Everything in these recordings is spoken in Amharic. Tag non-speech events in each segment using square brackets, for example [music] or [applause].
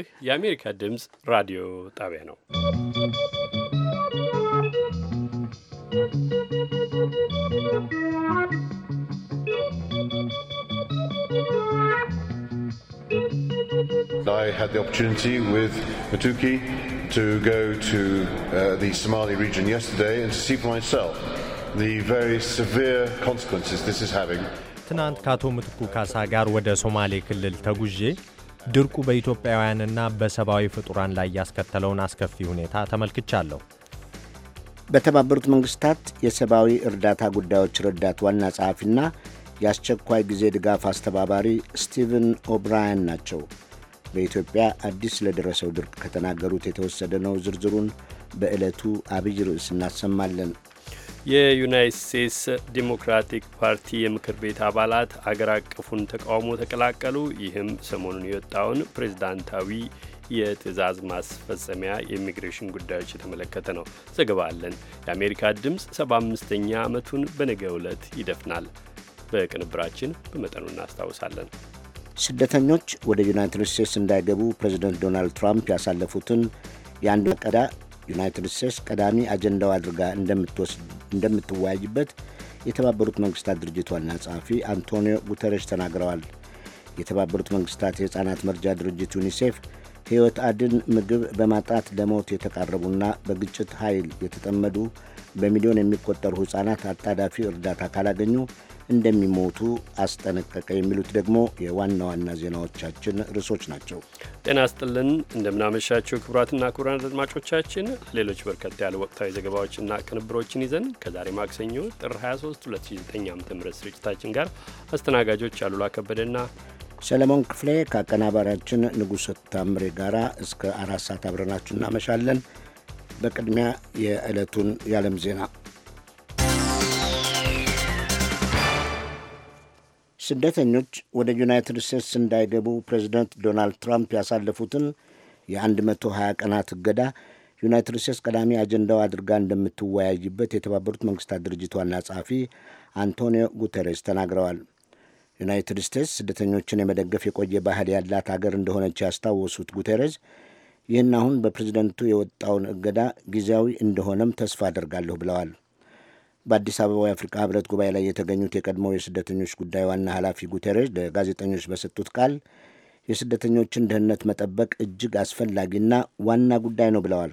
ይህ የአሜሪካ ድምፅ ራዲዮ ጣቢያ ነው። I had the opportunity with Matuki to go to uh, the Somali region yesterday and to see for myself the very severe consequences this is having. ትናንት ከአቶ ምትኩ ካሳ ጋር ወደ ሶማሌ ክልል ተጉዤ ድርቁ በኢትዮጵያውያንና በሰብአዊ ፍጡራን ላይ ያስከተለውን አስከፊ ሁኔታ ተመልክቻለሁ። በተባበሩት መንግስታት የሰብአዊ እርዳታ ጉዳዮች ረዳት ዋና ጸሐፊና የአስቸኳይ ጊዜ ድጋፍ አስተባባሪ ስቲቨን ኦብራያን ናቸው። በኢትዮጵያ አዲስ ለደረሰው ድርቅ ከተናገሩት የተወሰደ ነው። ዝርዝሩን በዕለቱ አብይ ርዕስ እናሰማለን። የዩናይት ስቴትስ ዲሞክራቲክ ፓርቲ የምክር ቤት አባላት አገር አቀፉን ተቃውሞ ተቀላቀሉ። ይህም ሰሞኑን የወጣውን ፕሬዝዳንታዊ የትዕዛዝ ማስፈጸሚያ የኢሚግሬሽን ጉዳዮች የተመለከተ ነው። ዘገባ አለን። የአሜሪካ ድምፅ 75ኛ ዓመቱን በነገ ዕለት ይደፍናል። በቅንብራችን በመጠኑ እናስታውሳለን። ስደተኞች ወደ ዩናይትድ ስቴትስ እንዳይገቡ ፕሬዚደንት ዶናልድ ትራምፕ ያሳለፉትን የአንድ ቀዳ ዩናይትድ ስቴትስ ቀዳሚ አጀንዳው አድርጋ እንደምትወያይበት የተባበሩት መንግስታት ድርጅት ዋና ጸሐፊ አንቶኒዮ ጉተረሽ ተናግረዋል። የተባበሩት መንግስታት የሕፃናት መርጃ ድርጅት ዩኒሴፍ ሕይወት አድን ምግብ በማጣት ለሞት የተቃረቡና በግጭት ኃይል የተጠመዱ በሚሊዮን የሚቆጠሩ ሕፃናት አጣዳፊ እርዳታ ካላገኙ እንደሚሞቱ አስጠነቀቀ። የሚሉት ደግሞ የዋና ዋና ዜናዎቻችን ርዕሶች ናቸው። ጤና ስጥልን፣ እንደምናመሻቸው ክቡራትና ክቡራን አድማጮቻችን ሌሎች በርከት ያሉ ወቅታዊ ዘገባዎችና ቅንብሮችን ይዘን ከዛሬ ማክሰኞ ጥር 23 2009 ዓ ም ስርጭታችን ጋር አስተናጋጆች አሉላ ከበደና ሰለሞን ክፍሌ ከአቀናባሪያችን ንጉሥ ታምሬ ጋራ እስከ አራት ሰዓት አብረናችሁ እናመሻለን። በቅድሚያ የዕለቱን የዓለም ዜና ስደተኞች ወደ ዩናይትድ ስቴትስ እንዳይገቡ ፕሬዚደንት ዶናልድ ትራምፕ ያሳለፉትን የ120 ቀናት እገዳ ዩናይትድ ስቴትስ ቀዳሚ አጀንዳው አድርጋ እንደምትወያይበት የተባበሩት መንግስታት ድርጅት ዋና ጸሐፊ አንቶኒዮ ጉተሬስ ተናግረዋል። ዩናይትድ ስቴትስ ስደተኞችን የመደገፍ የቆየ ባህል ያላት አገር እንደሆነች ያስታወሱት ጉተሬስ ይህን አሁን በፕሬዚደንቱ የወጣውን እገዳ ጊዜያዊ እንደሆነም ተስፋ አደርጋለሁ ብለዋል። በአዲስ አበባው የአፍሪካ ህብረት ጉባኤ ላይ የተገኙት የቀድሞው የስደተኞች ጉዳይ ዋና ኃላፊ ጉተሬሽ ለጋዜጠኞች በሰጡት ቃል የስደተኞችን ደህንነት መጠበቅ እጅግ አስፈላጊና ዋና ጉዳይ ነው ብለዋል።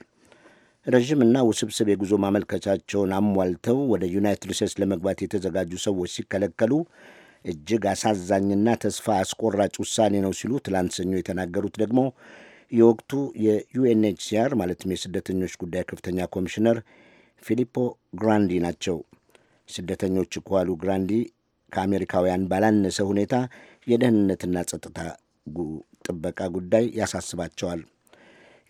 ረዥምና ውስብስብ የጉዞ ማመልከቻቸውን አሟልተው ወደ ዩናይትድ ስቴትስ ለመግባት የተዘጋጁ ሰዎች ሲከለከሉ እጅግ አሳዛኝና ተስፋ አስቆራጭ ውሳኔ ነው ሲሉ ትላንት ሰኞ የተናገሩት ደግሞ የወቅቱ የዩኤንኤችሲአር ማለትም የስደተኞች ጉዳይ ከፍተኛ ኮሚሽነር ፊሊፖ ግራንዲ ናቸው። ስደተኞች እኳሉ ግራንዲ ከአሜሪካውያን ባላነሰ ሁኔታ የደህንነትና ጸጥታ ጥበቃ ጉዳይ ያሳስባቸዋል።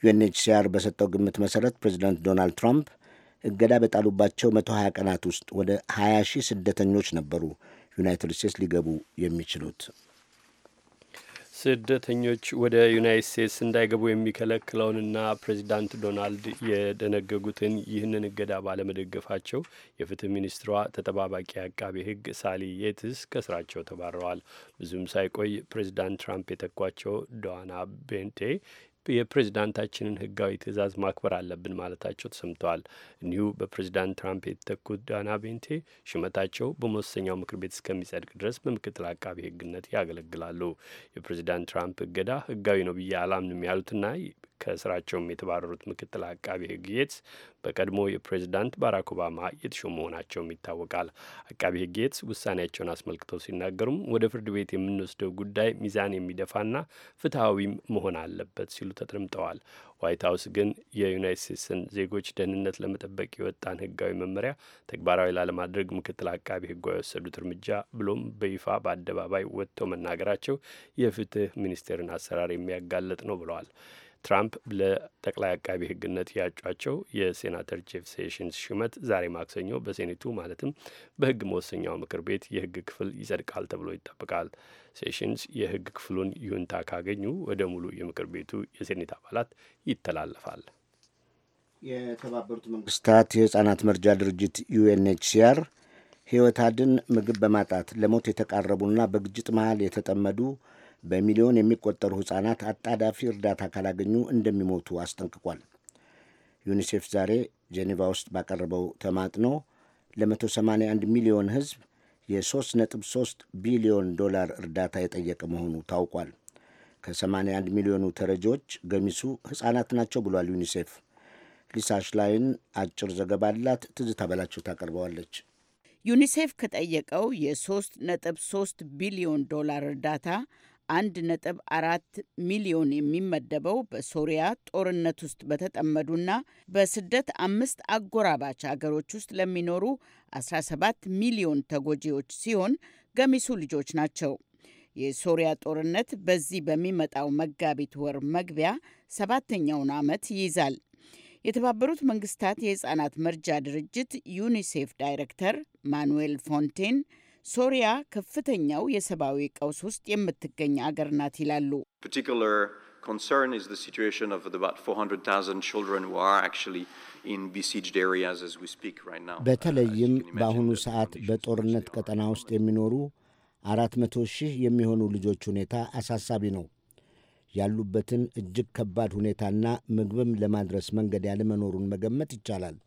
ዩኤንኤችሲአር በሰጠው ግምት መሠረት ፕሬዚዳንት ዶናልድ ትራምፕ እገዳ በጣሉባቸው 120 ቀናት ውስጥ ወደ 20 ሺህ ስደተኞች ነበሩ ዩናይትድ ስቴትስ ሊገቡ የሚችሉት። ስደተኞች ወደ ዩናይት ስቴትስ እንዳይገቡ የሚከለክለውንና ፕሬዚዳንት ዶናልድ የደነገጉትን ይህንን እገዳ ባለመደገፋቸው የፍትህ ሚኒስትሯ ተጠባባቂ አቃቤ ሕግ ሳሊ የትስ ከስራቸው ተባረዋል። ብዙም ሳይቆይ ፕሬዚዳንት ትራምፕ የተኳቸው ዶዋና ቤንቴ የፕሬዚዳንታችንን ህጋዊ ትእዛዝ ማክበር አለብን ማለታቸው ተሰምተዋል። እንዲሁ በፕሬዚዳንት ትራምፕ የተተኩት ዳና ቤንቴ ሹመታቸው በመወሰኛው ምክር ቤት እስከሚጸድቅ ድረስ በምክትል አቃቢ ህግነት ያገለግላሉ። የፕሬዚዳንት ትራምፕ እገዳ ህጋዊ ነው ብዬ አላምንም ያሉትና ከስራቸውም የተባረሩት ምክትል አቃቢ ህግ ጌትስ በቀድሞ የፕሬዚዳንት ባራክ ኦባማ የተሾሙ መሆናቸውም ይታወቃል። አቃቢ ህግ ጌትስ ውሳኔያቸውን አስመልክተው ሲናገሩም ወደ ፍርድ ቤት የምንወስደው ጉዳይ ሚዛን የሚደፋና ፍትሐዊም መሆን አለበት ሲሉ ተደምጠዋል። ዋይት ሀውስ ግን የዩናይት ስቴትስን ዜጎች ደህንነት ለመጠበቅ የወጣን ህጋዊ መመሪያ ተግባራዊ ላለማድረግ ምክትል አቃቢ ህጓ የወሰዱት እርምጃ ብሎም በይፋ በአደባባይ ወጥተው መናገራቸው የፍትህ ሚኒስቴርን አሰራር የሚያጋለጥ ነው ብለዋል። ትራምፕ ለጠቅላይ አቃቢ ሕግነት ያጯቸው የሴናተር ጄፍ ሴሽንስ ሹመት ዛሬ ማክሰኞ በሴኔቱ ማለትም በሕግ መወሰኛው ምክር ቤት የሕግ ክፍል ይጸድቃል ተብሎ ይጠበቃል። ሴሽንስ የሕግ ክፍሉን ይሁንታ ካገኙ ወደ ሙሉ የምክር ቤቱ የሴኔት አባላት ይተላለፋል። የተባበሩት መንግስታት የህጻናት መርጃ ድርጅት ዩኤንኤችሲአር ሕይወት አድን ምግብ በማጣት ለሞት የተቃረቡና በግጭት መሃል የተጠመዱ በሚሊዮን የሚቆጠሩ ሕፃናት አጣዳፊ እርዳታ ካላገኙ እንደሚሞቱ አስጠንቅቋል። ዩኒሴፍ ዛሬ ጄኔቫ ውስጥ ባቀረበው ተማጥኖ ለ181 ሚሊዮን ሕዝብ የ3.3 ቢሊዮን ዶላር እርዳታ የጠየቀ መሆኑ ታውቋል። ከ81 ሚሊዮኑ ተረጂዎች ገሚሱ ሕፃናት ናቸው ብሏል ዩኒሴፍ። ሊሳሽ ላይን አጭር ዘገባ አላት። ትዝታ በላቸው ታቀርበዋለች። ዩኒሴፍ ከጠየቀው የ3.3 ቢሊዮን ዶላር እርዳታ አንድ ነጥብ አራት ሚሊዮን የሚመደበው በሶሪያ ጦርነት ውስጥ በተጠመዱና በስደት አምስት አጎራባች አገሮች ውስጥ ለሚኖሩ 17 ሚሊዮን ተጎጂዎች ሲሆን ገሚሱ ልጆች ናቸው። የሶሪያ ጦርነት በዚህ በሚመጣው መጋቢት ወር መግቢያ ሰባተኛውን ዓመት ይይዛል። የተባበሩት መንግስታት የህፃናት መርጃ ድርጅት ዩኒሴፍ ዳይሬክተር ማኑኤል ፎንቴን ሶሪያ ከፍተኛው የሰብአዊ ቀውስ ውስጥ የምትገኝ አገር ናት ይላሉ። uh, በተለይም በአሁኑ ሰዓት በጦርነት ቀጠና ውስጥ የሚኖሩ አራት መቶ ሺህ የሚሆኑ ልጆች ሁኔታ አሳሳቢ ነው። ያሉበትን እጅግ ከባድ ሁኔታና ምግብም ለማድረስ መንገድ ያለመኖሩን መገመት ይቻላል።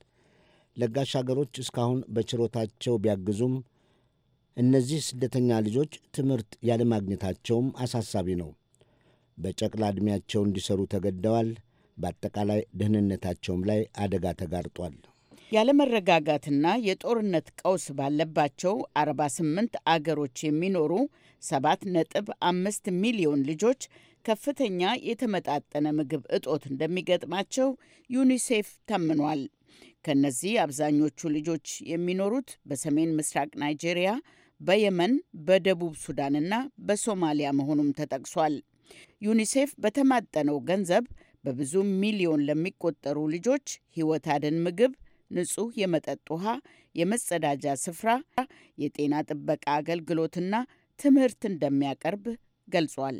ለጋሽ አገሮች እስካሁን በችሮታቸው ቢያግዙም እነዚህ ስደተኛ ልጆች ትምህርት ያለማግኘታቸውም አሳሳቢ ነው። በጨቅላ ዕድሜያቸው እንዲሰሩ ተገደዋል። በአጠቃላይ ደህንነታቸውም ላይ አደጋ ተጋርጧል። ያለመረጋጋትና የጦርነት ቀውስ ባለባቸው 48 አገሮች የሚኖሩ 7.5 ሚሊዮን ልጆች ከፍተኛ የተመጣጠነ ምግብ እጦት እንደሚገጥማቸው ዩኒሴፍ ተምኗል። ከነዚህ አብዛኞቹ ልጆች የሚኖሩት በሰሜን ምስራቅ ናይጄሪያ በየመን በደቡብ ሱዳንና በሶማሊያ መሆኑም ተጠቅሷል። ዩኒሴፍ በተማጠነው ገንዘብ በብዙ ሚሊዮን ለሚቆጠሩ ልጆች ሕይወት አድን ምግብ፣ ንጹህ የመጠጥ ውሃ፣ የመጸዳጃ ስፍራ፣ የጤና ጥበቃ አገልግሎትና ትምህርት እንደሚያቀርብ ገልጿል።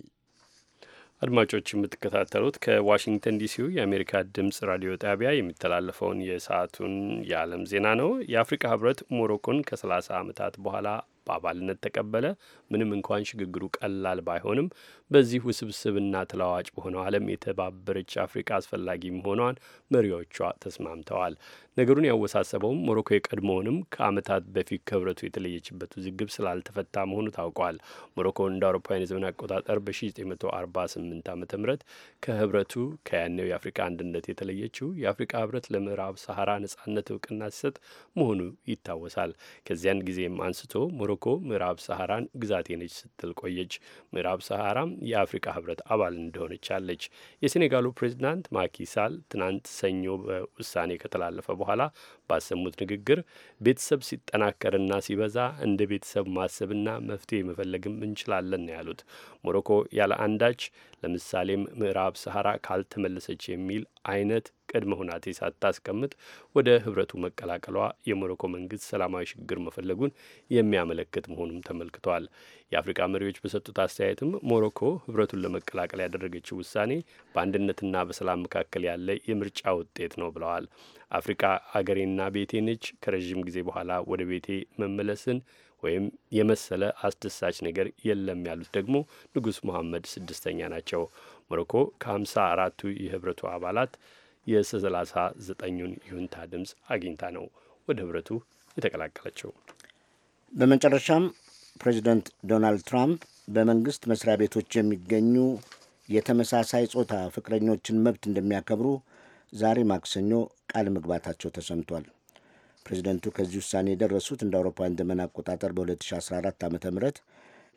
አድማጮች የምትከታተሉት ከዋሽንግተን ዲሲው የአሜሪካ ድምጽ ራዲዮ ጣቢያ የሚተላለፈውን የሰዓቱን የዓለም ዜና ነው። የአፍሪካ ህብረት ሞሮኮን ከ30 ዓመታት በኋላ በአባልነት ተቀበለ። ምንም እንኳን ሽግግሩ ቀላል ባይሆንም በዚህ ውስብስብና ተለዋዋጭ በሆነው ዓለም የተባበረች አፍሪቃ አስፈላጊ መሆኗን መሪዎቿ ተስማምተዋል። ነገሩን ያወሳሰበውም ሞሮኮ የቀድሞውንም ከዓመታት በፊት ከህብረቱ የተለየችበት ውዝግብ ስላልተፈታ መሆኑ ታውቋል። ሞሮኮ እንደ አውሮፓውያን የዘመን አቆጣጠር በ1948 ዓ ም ከህብረቱ ከያኔው የአፍሪካ አንድነት የተለየችው የአፍሪካ ህብረት ለምዕራብ ሰሐራ ነጻነት እውቅና ሲሰጥ መሆኑ ይታወሳል። ከዚያን ጊዜም አንስቶ ሞሮኮ ምዕራብ ሰሐራን ግዛቴ ነች ስትል ቆየች። ምዕራብ ሰሐራም የአፍሪካ ህብረት አባል እንደሆነች አለች። የሴኔጋሉ ፕሬዚዳንት ማኪሳል ትናንት ሰኞ በውሳኔ ከተላለፈ በኋላ በኋላ ባሰሙት ንግግር ቤተሰብ ሲጠናከርና ሲበዛ እንደ ቤተሰብ ማሰብና መፍትሄ መፈለግም እንችላለን ነው ያሉት። ሞሮኮ ያለ አንዳች ለምሳሌም ምዕራብ ሰሐራ ካልተመለሰች የሚል አይነት ቅድመ ሁናቴ ሳታስቀምጥ ወደ ህብረቱ መቀላቀሏ የሞሮኮ መንግስት ሰላማዊ ሽግግር መፈለጉን የሚያመለክት መሆኑም ተመልክቷል። የአፍሪካ መሪዎች በሰጡት አስተያየትም ሞሮኮ ህብረቱን ለመቀላቀል ያደረገችው ውሳኔ በአንድነትና በሰላም መካከል ያለ የምርጫ ውጤት ነው ብለዋል። አፍሪካ አገሬና ቤቴ ነች። ከረዥም ጊዜ በኋላ ወደ ቤቴ መመለስን ወይም የመሰለ አስደሳች ነገር የለም ያሉት ደግሞ ንጉሥ መሐመድ ስድስተኛ ናቸው። ሞሮኮ ከ አራቱ የህብረቱ አባላት የ ዘጠኙን ይሁንታ ድምፅ አግኝታ ነው ወደ ህብረቱ የተቀላቀለችው። በመጨረሻም ፕሬዚደንት ዶናልድ ትራምፕ በመንግሥት መስሪያ ቤቶች የሚገኙ የተመሳሳይ ጾታ ፍቅረኞችን መብት እንደሚያከብሩ ዛሬ ማክሰኞ ቃል መግባታቸው ተሰምቷል። ፕሬዚደንቱ ከዚህ ውሳኔ የደረሱት እንደ አውሮፓውያን ዘመን አቆጣጠር በ2014 ዓ ም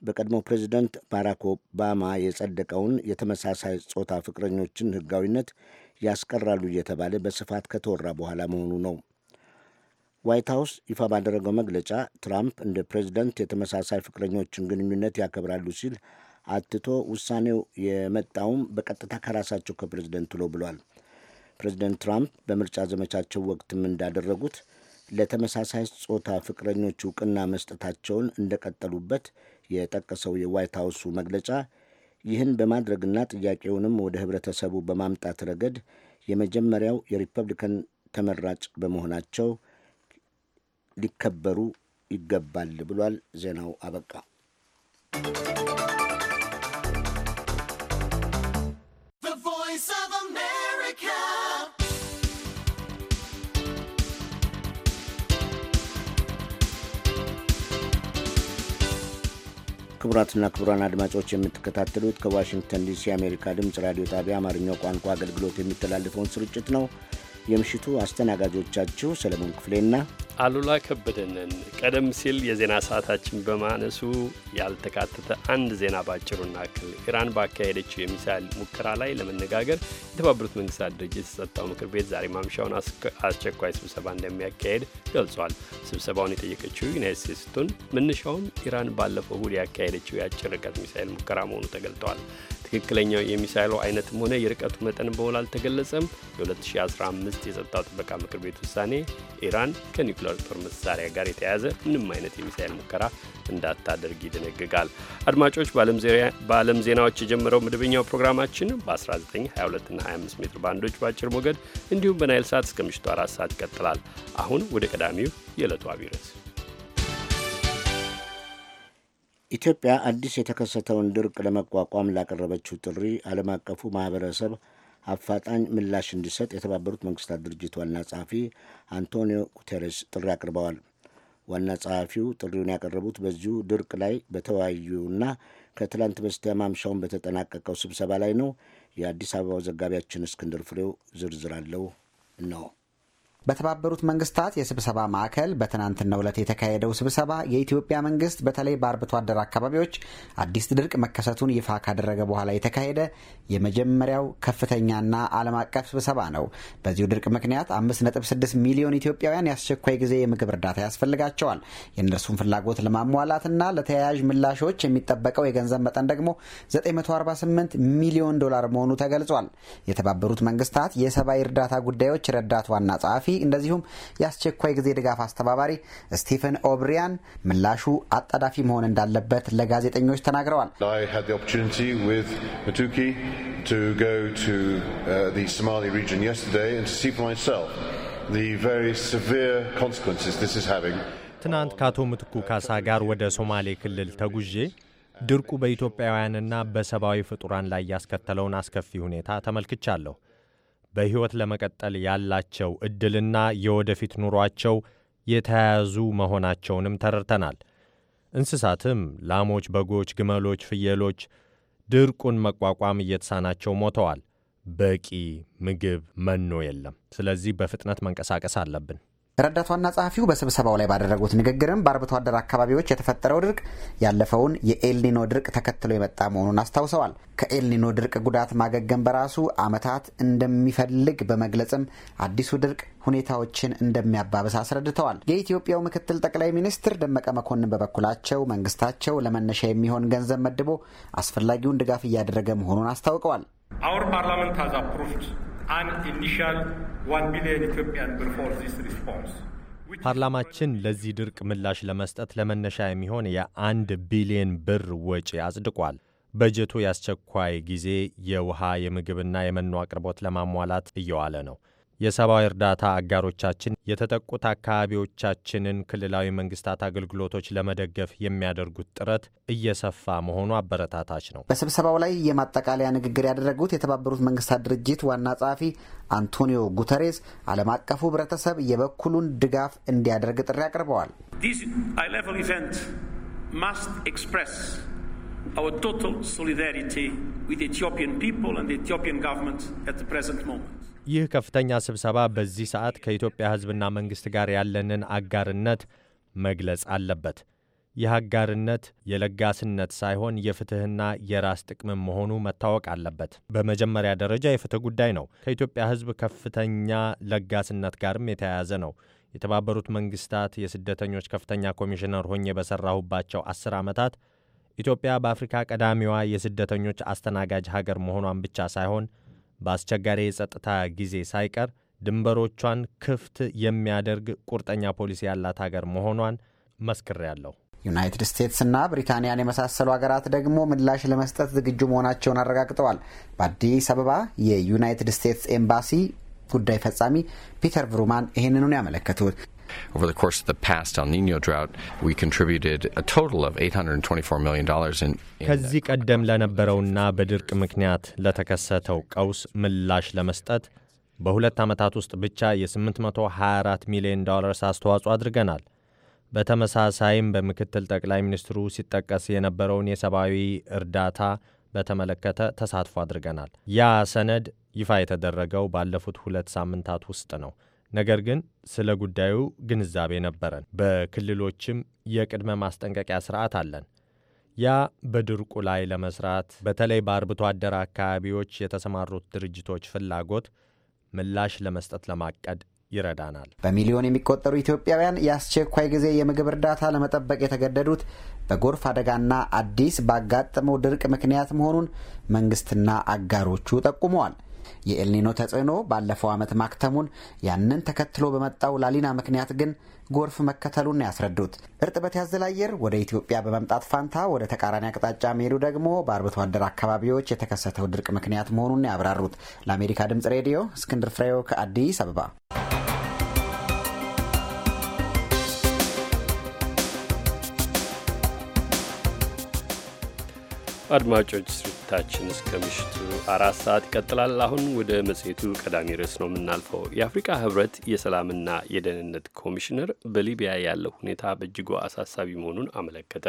በቀድሞ ፕሬዚደንት ባራክ ኦባማ የጸደቀውን የተመሳሳይ ጾታ ፍቅረኞችን ህጋዊነት ያስቀራሉ እየተባለ በስፋት ከተወራ በኋላ መሆኑ ነው። ዋይት ሀውስ ይፋ ባደረገው መግለጫ ትራምፕ እንደ ፕሬዚደንት የተመሳሳይ ፍቅረኞችን ግንኙነት ያከብራሉ ሲል አትቶ ውሳኔው የመጣውም በቀጥታ ከራሳቸው ከፕሬዚደንቱ ነው ብሏል። ፕሬዚደንት ትራምፕ በምርጫ ዘመቻቸው ወቅትም እንዳደረጉት ለተመሳሳይ ጾታ ፍቅረኞች እውቅና መስጠታቸውን እንደቀጠሉበት የጠቀሰው የዋይት ሀውሱ መግለጫ ይህን በማድረግና ጥያቄውንም ወደ ህብረተሰቡ በማምጣት ረገድ የመጀመሪያው የሪፐብሊካን ተመራጭ በመሆናቸው ሊከበሩ ይገባል ብሏል። ዜናው አበቃ። ክቡራትና ክቡራን አድማጮች የምትከታተሉት ከዋሽንግተን ዲሲ የአሜሪካ ድምፅ ራዲዮ ጣቢያ አማርኛው ቋንቋ አገልግሎት የሚተላለፈውን ስርጭት ነው። የምሽቱ አስተናጋጆቻችሁ ሰለሞን ክፍሌና አሉላ ከበደንን። ቀደም ሲል የዜና ሰዓታችን በማነሱ ያልተካተተ አንድ ዜና ባጭሩ እናክል። ኢራን ባካሄደችው የሚሳይል ሙከራ ላይ ለመነጋገር የተባበሩት መንግስታት ድርጅት የጸጥታው ምክር ቤት ዛሬ ማምሻውን አስቸኳይ ስብሰባ እንደሚያካሄድ ገልጿል። ስብሰባውን የጠየቀችው ዩናይት ስቴትስ ስትሆን መነሻውም ኢራን ባለፈው እሁድ ያካሄደችው የአጭር ርቀት ሚሳይል ሙከራ መሆኑ ተገልጠዋል። ትክክለኛው የሚሳይሉ አይነትም ሆነ የርቀቱ መጠን በውል አልተገለጸም። የ2015 የጸጥታው ጥበቃ ምክር ቤት ውሳኔ ኢራን ከኒውክሌር ጦር መሳሪያ ጋር የተያያዘ ምንም አይነት የሚሳይል ሙከራ እንዳታደርግ ይደነግጋል። አድማጮች፣ በዓለም ዜናዎች የጀመረው መደበኛው ፕሮግራማችን በ19፣ 22ና 25 ሜትር ባንዶች በአጭር ሞገድ እንዲሁም በናይል ሰዓት እስከ ምሽቱ አራት ሰዓት ይቀጥላል። አሁን ወደ ቀዳሚው የዕለቱ አቢረስ ኢትዮጵያ አዲስ የተከሰተውን ድርቅ ለመቋቋም ላቀረበችው ጥሪ ዓለም አቀፉ ማህበረሰብ አፋጣኝ ምላሽ እንዲሰጥ የተባበሩት መንግስታት ድርጅት ዋና ጸሐፊ አንቶኒዮ ጉቴሬስ ጥሪ አቅርበዋል። ዋና ጸሐፊው ጥሪውን ያቀረቡት በዚሁ ድርቅ ላይ በተወያዩና ከትላንት በስቲያ ማምሻውን በተጠናቀቀው ስብሰባ ላይ ነው። የአዲስ አበባው ዘጋቢያችን እስክንድር ፍሬው ዝርዝር አለው ነው በተባበሩት መንግስታት የስብሰባ ማዕከል በትናንትናው ዕለት የተካሄደው ስብሰባ የኢትዮጵያ መንግስት በተለይ በአርብቶ አደር አካባቢዎች አዲስ ድርቅ መከሰቱን ይፋ ካደረገ በኋላ የተካሄደ የመጀመሪያው ከፍተኛና ዓለም አቀፍ ስብሰባ ነው። በዚሁ ድርቅ ምክንያት 5.6 ሚሊዮን ኢትዮጵያውያን የአስቸኳይ ጊዜ የምግብ እርዳታ ያስፈልጋቸዋል። የእነርሱን ፍላጎት ለማሟላትና ለተያያዥ ምላሾች የሚጠበቀው የገንዘብ መጠን ደግሞ 948 ሚሊዮን ዶላር መሆኑ ተገልጿል። የተባበሩት መንግስታት የሰብአዊ እርዳታ ጉዳዮች ረዳት ዋና ጸሐፊ እንደዚሁም የአስቸኳይ ጊዜ ድጋፍ አስተባባሪ ስቲፈን ኦብሪያን ምላሹ አጣዳፊ መሆን እንዳለበት ለጋዜጠኞች ተናግረዋል። uh, ትናንት ከአቶ ምትኩ ካሳ ጋር ወደ ሶማሌ ክልል ተጉዤ ድርቁ በኢትዮጵያውያንና በሰብአዊ ፍጡራን ላይ ያስከተለውን አስከፊ ሁኔታ ተመልክቻለሁ። በሕይወት ለመቀጠል ያላቸው ዕድልና የወደፊት ኑሯቸው የተያያዙ መሆናቸውንም ተረድተናል። እንስሳትም ላሞች፣ በጎች፣ ግመሎች፣ ፍየሎች ድርቁን መቋቋም እየተሳናቸው ሞተዋል። በቂ ምግብ መኖ የለም። ስለዚህ በፍጥነት መንቀሳቀስ አለብን። ረዳቷና ጸሐፊው በስብሰባው ላይ ባደረጉት ንግግርም በአርብቶ አደር አካባቢዎች የተፈጠረው ድርቅ ያለፈውን የኤልኒኖ ድርቅ ተከትሎ የመጣ መሆኑን አስታውሰዋል። ከኤልኒኖ ድርቅ ጉዳት ማገገም በራሱ ዓመታት እንደሚፈልግ በመግለጽም አዲሱ ድርቅ ሁኔታዎችን እንደሚያባብስ አስረድተዋል። የኢትዮጵያው ምክትል ጠቅላይ ሚኒስትር ደመቀ መኮንን በበኩላቸው መንግስታቸው ለመነሻ የሚሆን ገንዘብ መድቦ አስፈላጊውን ድጋፍ እያደረገ መሆኑን አስታውቀዋል። an initial 1 billion Ethiopian for this response. ፓርላማችን ለዚህ ድርቅ ምላሽ ለመስጠት ለመነሻ የሚሆን የአንድ ቢሊዮን ብር ወጪ አጽድቋል። በጀቱ የአስቸኳይ ጊዜ የውሃ የምግብና የመኖ አቅርቦት ለማሟላት እየዋለ ነው። የሰብአዊ እርዳታ አጋሮቻችን የተጠቁት አካባቢዎቻችንን ክልላዊ መንግስታት አገልግሎቶች ለመደገፍ የሚያደርጉት ጥረት እየሰፋ መሆኑ አበረታታች ነው። በስብሰባው ላይ የማጠቃለያ ንግግር ያደረጉት የተባበሩት መንግስታት ድርጅት ዋና ጸሐፊ አንቶኒዮ ጉተሬስ ዓለም አቀፉ ህብረተሰብ የበኩሉን ድጋፍ እንዲያደርግ ጥሪ አቅርበዋል። our total solidarity with the Ethiopian people and the Ethiopian government at the present moment. ይህ ከፍተኛ ስብሰባ በዚህ ሰዓት ከኢትዮጵያ ሕዝብና መንግሥት ጋር ያለንን አጋርነት መግለጽ አለበት። ይህ አጋርነት የለጋስነት ሳይሆን የፍትሕና የራስ ጥቅምም መሆኑ መታወቅ አለበት። በመጀመሪያ ደረጃ የፍትሕ ጉዳይ ነው። ከኢትዮጵያ ሕዝብ ከፍተኛ ለጋስነት ጋርም የተያያዘ ነው። የተባበሩት መንግስታት የስደተኞች ከፍተኛ ኮሚሽነር ሆኜ በሠራሁባቸው አስር ዓመታት ኢትዮጵያ በአፍሪካ ቀዳሚዋ የስደተኞች አስተናጋጅ ሀገር መሆኗን ብቻ ሳይሆን በአስቸጋሪ የጸጥታ ጊዜ ሳይቀር ድንበሮቿን ክፍት የሚያደርግ ቁርጠኛ ፖሊሲ ያላት ሀገር መሆኗን መስክሬያለሁ። ዩናይትድ እና ብሪታንያን የመሳሰሉ ሀገራት ደግሞ ምላሽ ለመስጠት ዝግጁ መሆናቸውን አረጋግጠዋል። በአዲስ አበባ የዩናይትድ ስቴትስ ኤምባሲ ጉዳይ ፈጻሚ ፒተር ብሩማን ይህንኑን ያመለከቱት Over the course of the past El Nino drought, we contributed a total of $824 million in. ከዚህ ቀደም ለነበረውና በድርቅ ምክንያት ለተከሰተው ቀውስ ምላሽ ለመስጠት በሁለት ዓመታት ውስጥ ብቻ የ824 ሚሊዮን ዶላርስ አስተዋጽኦ አድርገናል። በተመሳሳይም በምክትል ጠቅላይ ሚኒስትሩ ሲጠቀስ የነበረውን የሰብአዊ እርዳታ በተመለከተ ተሳትፎ አድርገናል። ያ ሰነድ ይፋ የተደረገው ባለፉት ሁለት ሳምንታት ውስጥ ነው። ነገር ግን ስለ ጉዳዩ ግንዛቤ ነበረን። በክልሎችም የቅድመ ማስጠንቀቂያ ስርዓት አለን። ያ በድርቁ ላይ ለመስራት በተለይ በአርብቶ አደር አካባቢዎች የተሰማሩት ድርጅቶች ፍላጎት ምላሽ ለመስጠት ለማቀድ ይረዳናል። በሚሊዮን የሚቆጠሩ ኢትዮጵያውያን የአስቸኳይ ጊዜ የምግብ እርዳታ ለመጠበቅ የተገደዱት በጎርፍ አደጋና አዲስ ባጋጠመው ድርቅ ምክንያት መሆኑን መንግስትና አጋሮቹ ጠቁመዋል። የኤልኒኖ ተጽዕኖ ባለፈው ዓመት ማክተሙን፣ ያንን ተከትሎ በመጣው ላሊና ምክንያት ግን ጎርፍ መከተሉን ያስረዱት። እርጥበት ያዘለ አየር ወደ ኢትዮጵያ በመምጣት ፋንታ ወደ ተቃራኒ አቅጣጫ መሄዱ ደግሞ በአርብቶ አደር አካባቢዎች የተከሰተው ድርቅ ምክንያት መሆኑን ያብራሩት። ለአሜሪካ ድምጽ ሬዲዮ እስክንድር ፍሬው ከአዲስ አበባ። አድማጮች ስርጭታችን እስከ ምሽቱ አራት ሰዓት ይቀጥላል። አሁን ወደ መጽሔቱ ቀዳሚ ርዕስ ነው የምናልፈው። የአፍሪካ ህብረት የሰላምና የደህንነት ኮሚሽነር በሊቢያ ያለው ሁኔታ በእጅጉ አሳሳቢ መሆኑን አመለከተ።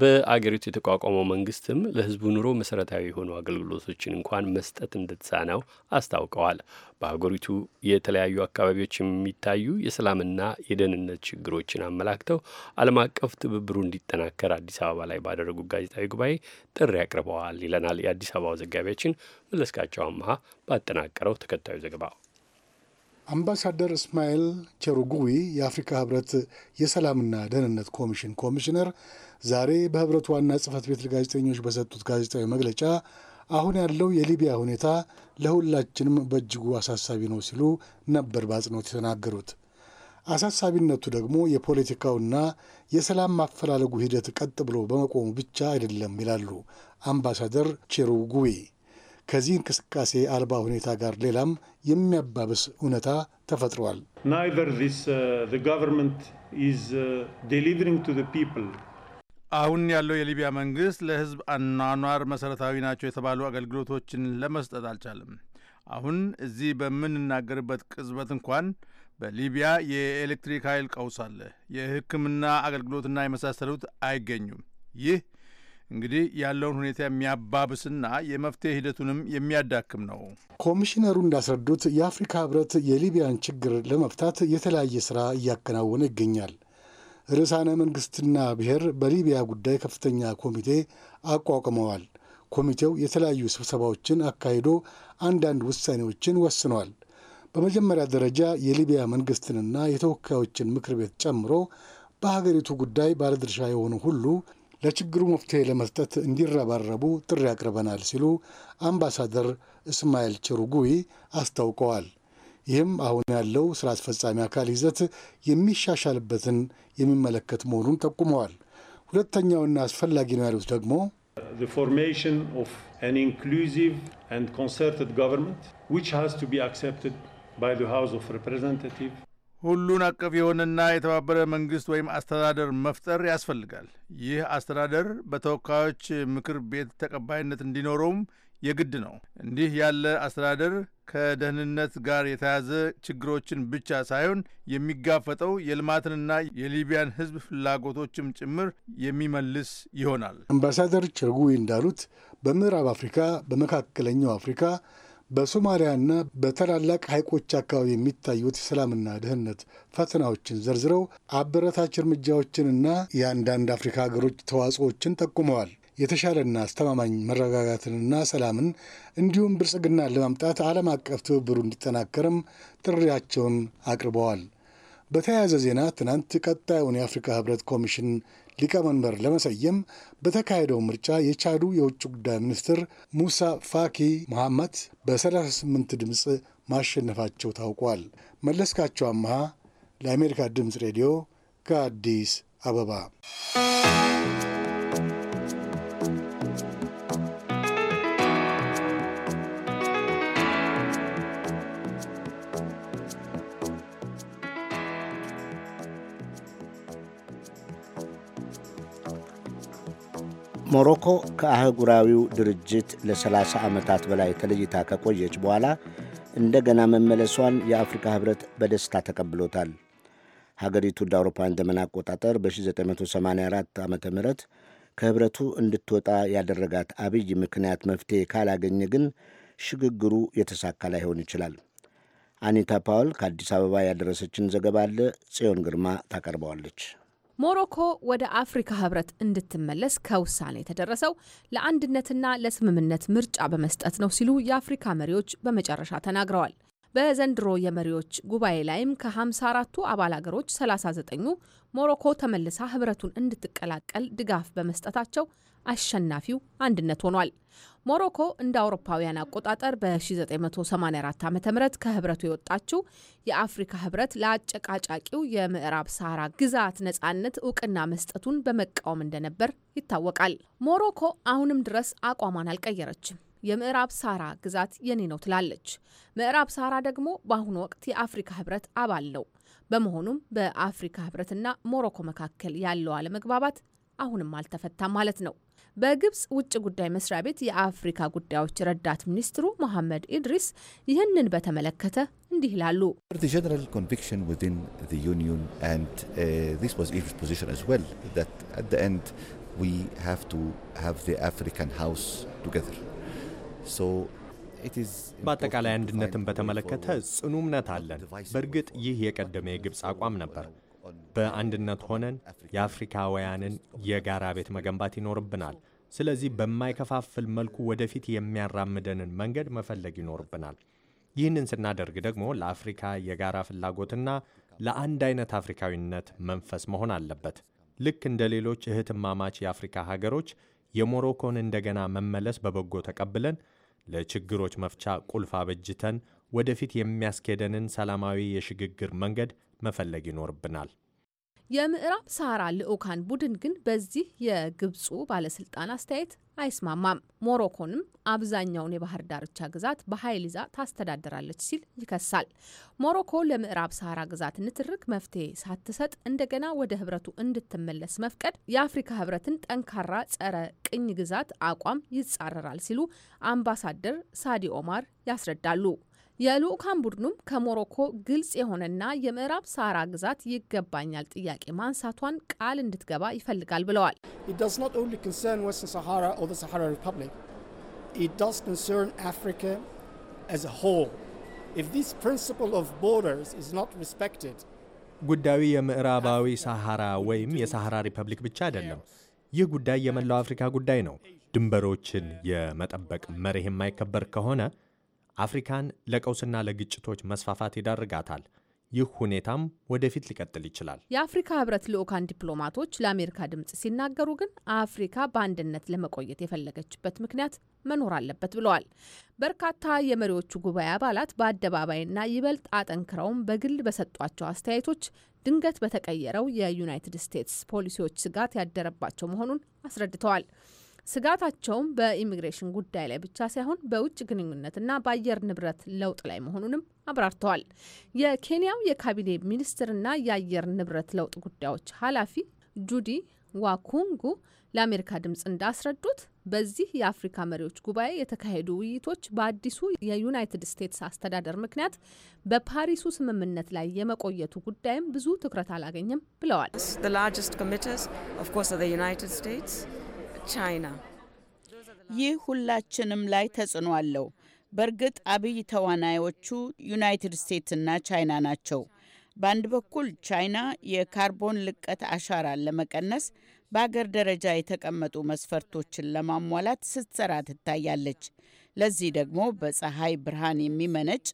በአገሪቱ የተቋቋመው መንግስትም ለህዝቡ ኑሮ መሰረታዊ የሆኑ አገልግሎቶችን እንኳን መስጠት እንደተሳነው አስታውቀዋል። በአገሪቱ የተለያዩ አካባቢዎች የሚታዩ የሰላምና የደህንነት ችግሮችን አመላክተው ዓለም አቀፍ ትብብሩ እንዲጠናከር አዲስ አበባ ላይ ባደረጉት ጋዜጣዊ ጉባኤ ጥሪ አቅርበዋል ይለናል የአዲስ አበባው ዘጋቢያችን መለስካቸው አመሀ ባጠናቀረው ተከታዩ ዘገባው። አምባሳደር እስማኤል ቸሩጉዊ የአፍሪካ ህብረት የሰላምና ደህንነት ኮሚሽን ኮሚሽነር ዛሬ በህብረቱ ዋና ጽህፈት ቤት ጋዜጠኞች በሰጡት ጋዜጣዊ መግለጫ አሁን ያለው የሊቢያ ሁኔታ ለሁላችንም በእጅጉ አሳሳቢ ነው ሲሉ ነበር በአጽንኦት የተናገሩት። አሳሳቢነቱ ደግሞ የፖለቲካውና የሰላም ማፈላለጉ ሂደት ቀጥ ብሎ በመቆሙ ብቻ አይደለም ይላሉ አምባሳደር ቼሩጉዌ። ከዚህ እንቅስቃሴ አልባ ሁኔታ ጋር ሌላም የሚያባብስ እውነታ ተፈጥሯል። uh, uh, አሁን ያለው የሊቢያ መንግስት ለህዝብ አኗኗር መሰረታዊ ናቸው የተባሉ አገልግሎቶችን ለመስጠት አልቻለም። አሁን እዚህ በምንናገርበት ቅጽበት እንኳን በሊቢያ የኤሌክትሪክ ኃይል ቀውስ አለ። የሕክምና አገልግሎትና የመሳሰሉት አይገኙም። ይህ እንግዲህ ያለውን ሁኔታ የሚያባብስና የመፍትሄ ሂደቱንም የሚያዳክም ነው። ኮሚሽነሩ እንዳስረዱት የአፍሪካ ህብረት የሊቢያን ችግር ለመፍታት የተለያየ ስራ እያከናወነ ይገኛል። ርዕሳነ መንግስትና ብሔር በሊቢያ ጉዳይ ከፍተኛ ኮሚቴ አቋቁመዋል። ኮሚቴው የተለያዩ ስብሰባዎችን አካሂዶ አንዳንድ ውሳኔዎችን ወስኗል። በመጀመሪያ ደረጃ የሊቢያ መንግስትንና የተወካዮችን ምክር ቤት ጨምሮ በሀገሪቱ ጉዳይ ባለድርሻ የሆኑ ሁሉ ለችግሩ መፍትሄ ለመስጠት እንዲረባረቡ ጥሪ አቅርበናል ሲሉ አምባሳደር እስማኤል ችሩጉዊ አስታውቀዋል። ይህም አሁን ያለው ስራ አስፈጻሚ አካል ይዘት የሚሻሻልበትን የሚመለከት መሆኑን ጠቁመዋል። ሁለተኛውና አስፈላጊ ነው ያሉት ደግሞ ፎርሜሽን ኦፍ አን ኢንክሉዚቭ ኮንሰርትድ ገቨርንመንት ዊች ሃዝ ቱ ቢ አክሰፕትድ ባይ ሃውስ ኦፍ ሪፕሬዘንታቲቭስ ሁሉን አቀፍ የሆነና የተባበረ መንግስት ወይም አስተዳደር መፍጠር ያስፈልጋል። ይህ አስተዳደር በተወካዮች ምክር ቤት ተቀባይነት እንዲኖረውም የግድ ነው። እንዲህ ያለ አስተዳደር ከደህንነት ጋር የተያዘ ችግሮችን ብቻ ሳይሆን የሚጋፈጠው የልማትንና የሊቢያን ሕዝብ ፍላጎቶችም ጭምር የሚመልስ ይሆናል። አምባሳደር ቸርጉዊ እንዳሉት በምዕራብ አፍሪካ፣ በመካከለኛው አፍሪካ በሶማሊያና በታላላቅ ሐይቆች አካባቢ የሚታዩት የሰላምና ደህንነት ፈተናዎችን ዘርዝረው አበረታች እርምጃዎችንና የአንዳንድ አፍሪካ ሀገሮች ተዋጽኦዎችን ጠቁመዋል። የተሻለና አስተማማኝ መረጋጋትንና ሰላምን እንዲሁም ብልጽግናን ለማምጣት ዓለም አቀፍ ትብብሩ እንዲጠናከርም ጥሪያቸውን አቅርበዋል። በተያያዘ ዜና ትናንት ቀጣዩን የአፍሪካ ህብረት ኮሚሽን ሊቀመንበር ለመሰየም በተካሄደው ምርጫ የቻዱ የውጭ ጉዳይ ሚኒስትር ሙሳ ፋኪ መሐመት በ38 ድምፅ ማሸነፋቸው ታውቋል። መለስካቸው አመሃ ለአሜሪካ ድምፅ ሬዲዮ ከአዲስ አበባ ሞሮኮ ከአህጉራዊው ድርጅት ለ30 ዓመታት በላይ ተለይታ ከቆየች በኋላ እንደገና መመለሷን የአፍሪካ ኅብረት በደስታ ተቀብሎታል። ሀገሪቱ እንደ አውሮፓውያን ዘመን አቆጣጠር በ1984 ዓ ም ከኅብረቱ እንድትወጣ ያደረጋት አብይ ምክንያት መፍትሄ ካላገኘ ግን ሽግግሩ የተሳካ ላይሆን ይችላል። አኒታ ፓውል ከአዲስ አበባ ያደረሰችን ዘገባ አለ። ጽዮን ግርማ ታቀርበዋለች። ሞሮኮ ወደ አፍሪካ ህብረት እንድትመለስ ከውሳኔ የተደረሰው ለአንድነትና ለስምምነት ምርጫ በመስጠት ነው ሲሉ የአፍሪካ መሪዎች በመጨረሻ ተናግረዋል። በዘንድሮ የመሪዎች ጉባኤ ላይም ከ54ቱ አባል አገሮች 39ኙ ሞሮኮ ተመልሳ ህብረቱን እንድትቀላቀል ድጋፍ በመስጠታቸው አሸናፊው አንድነት ሆኗል። ሞሮኮ እንደ አውሮፓውያን አቆጣጠር በ1984 ዓ ም ከህብረቱ የወጣችው የአፍሪካ ህብረት ለአጨቃጫቂው የምዕራብ ሳራ ግዛት ነጻነት እውቅና መስጠቱን በመቃወም እንደነበር ይታወቃል። ሞሮኮ አሁንም ድረስ አቋሟን አልቀየረችም። የምዕራብ ሳራ ግዛት የኔ ነው ትላለች። ምዕራብ ሳራ ደግሞ በአሁኑ ወቅት የአፍሪካ ህብረት አባል ነው። በመሆኑም በአፍሪካ ህብረትና ሞሮኮ መካከል ያለው አለመግባባት አሁንም አልተፈታም ማለት ነው። በግብጽ ውጭ ጉዳይ መስሪያ ቤት የአፍሪካ ጉዳዮች ረዳት ሚኒስትሩ መሐመድ ኢድሪስ ይህንን በተመለከተ እንዲህ ይላሉ። በአጠቃላይ አንድነትን በተመለከተ ጽኑ እምነት አለን። በእርግጥ ይህ የቀደመ የግብፅ አቋም ነበር። በአንድነት ሆነን የአፍሪካውያንን የጋራ ቤት መገንባት ይኖርብናል። ስለዚህ በማይከፋፍል መልኩ ወደፊት የሚያራምደንን መንገድ መፈለግ ይኖርብናል። ይህንን ስናደርግ ደግሞ ለአፍሪካ የጋራ ፍላጎትና ለአንድ አይነት አፍሪካዊነት መንፈስ መሆን አለበት። ልክ እንደ ሌሎች እህትማማች የአፍሪካ ሀገሮች የሞሮኮን እንደገና መመለስ በበጎ ተቀብለን ለችግሮች መፍቻ ቁልፍ አበጅተን ወደፊት የሚያስኬደንን ሰላማዊ የሽግግር መንገድ መፈለግ ይኖርብናል። የምዕራብ ሳራ ልዑካን ቡድን ግን በዚህ የግብፁ ባለስልጣን አስተያየት አይስማማም። ሞሮኮንም አብዛኛውን የባህር ዳርቻ ግዛት በኃይል ይዛ ታስተዳድራለች ሲል ይከሳል። ሞሮኮ ለምዕራብ ሳራ ግዛት ንትርክ መፍትሄ ሳትሰጥ እንደገና ወደ ህብረቱ እንድትመለስ መፍቀድ የአፍሪካ ህብረትን ጠንካራ ጸረ ቅኝ ግዛት አቋም ይጻረራል ሲሉ አምባሳደር ሳዲ ኦማር ያስረዳሉ። የልዑካን ቡድኑም ከሞሮኮ ግልጽ የሆነና የምዕራብ ሳራ ግዛት ይገባኛል ጥያቄ ማንሳቷን ቃል እንድትገባ ይፈልጋል ብለዋል። ጉዳዩ የምዕራባዊ ሳሐራ ወይም የሳሐራ ሪፐብሊክ ብቻ አይደለም። ይህ ጉዳይ የመላው አፍሪካ ጉዳይ ነው። ድንበሮችን የመጠበቅ መርህ የማይከበር ከሆነ አፍሪካን ለቀውስና ለግጭቶች መስፋፋት ይዳርጋታል። ይህ ሁኔታም ወደፊት ሊቀጥል ይችላል። የአፍሪካ ህብረት ልዑካን ዲፕሎማቶች ለአሜሪካ ድምፅ ሲናገሩ ግን አፍሪካ በአንድነት ለመቆየት የፈለገችበት ምክንያት መኖር አለበት ብለዋል። በርካታ የመሪዎቹ ጉባኤ አባላት በአደባባይና ይበልጥ አጠንክረውም በግል በሰጧቸው አስተያየቶች ድንገት በተቀየረው የዩናይትድ ስቴትስ ፖሊሲዎች ስጋት ያደረባቸው መሆኑን አስረድተዋል። ስጋታቸውም በኢሚግሬሽን ጉዳይ ላይ ብቻ ሳይሆን በውጭ ግንኙነትና በአየር ንብረት ለውጥ ላይ መሆኑንም አብራርተዋል። የኬንያው የካቢኔ ሚኒስትርና የአየር ንብረት ለውጥ ጉዳዮች ኃላፊ ጁዲ ዋኩንጉ ለአሜሪካ ድምፅ እንዳስረዱት በዚህ የአፍሪካ መሪዎች ጉባኤ የተካሄዱ ውይይቶች በአዲሱ የዩናይትድ ስቴትስ አስተዳደር ምክንያት በፓሪሱ ስምምነት ላይ የመቆየቱ ጉዳይም ብዙ ትኩረት አላገኘም ብለዋል። ይህ ሁላችንም ላይ ተጽዕኖ አለው። በእርግጥ አብይ ተዋናዮቹ ዩናይትድ ስቴትስና ቻይና ናቸው። በአንድ በኩል ቻይና የካርቦን ልቀት አሻራን ለመቀነስ በአገር ደረጃ የተቀመጡ መስፈርቶችን ለማሟላት ስትሰራ ትታያለች። ለዚህ ደግሞ በፀሐይ ብርሃን የሚመነጭ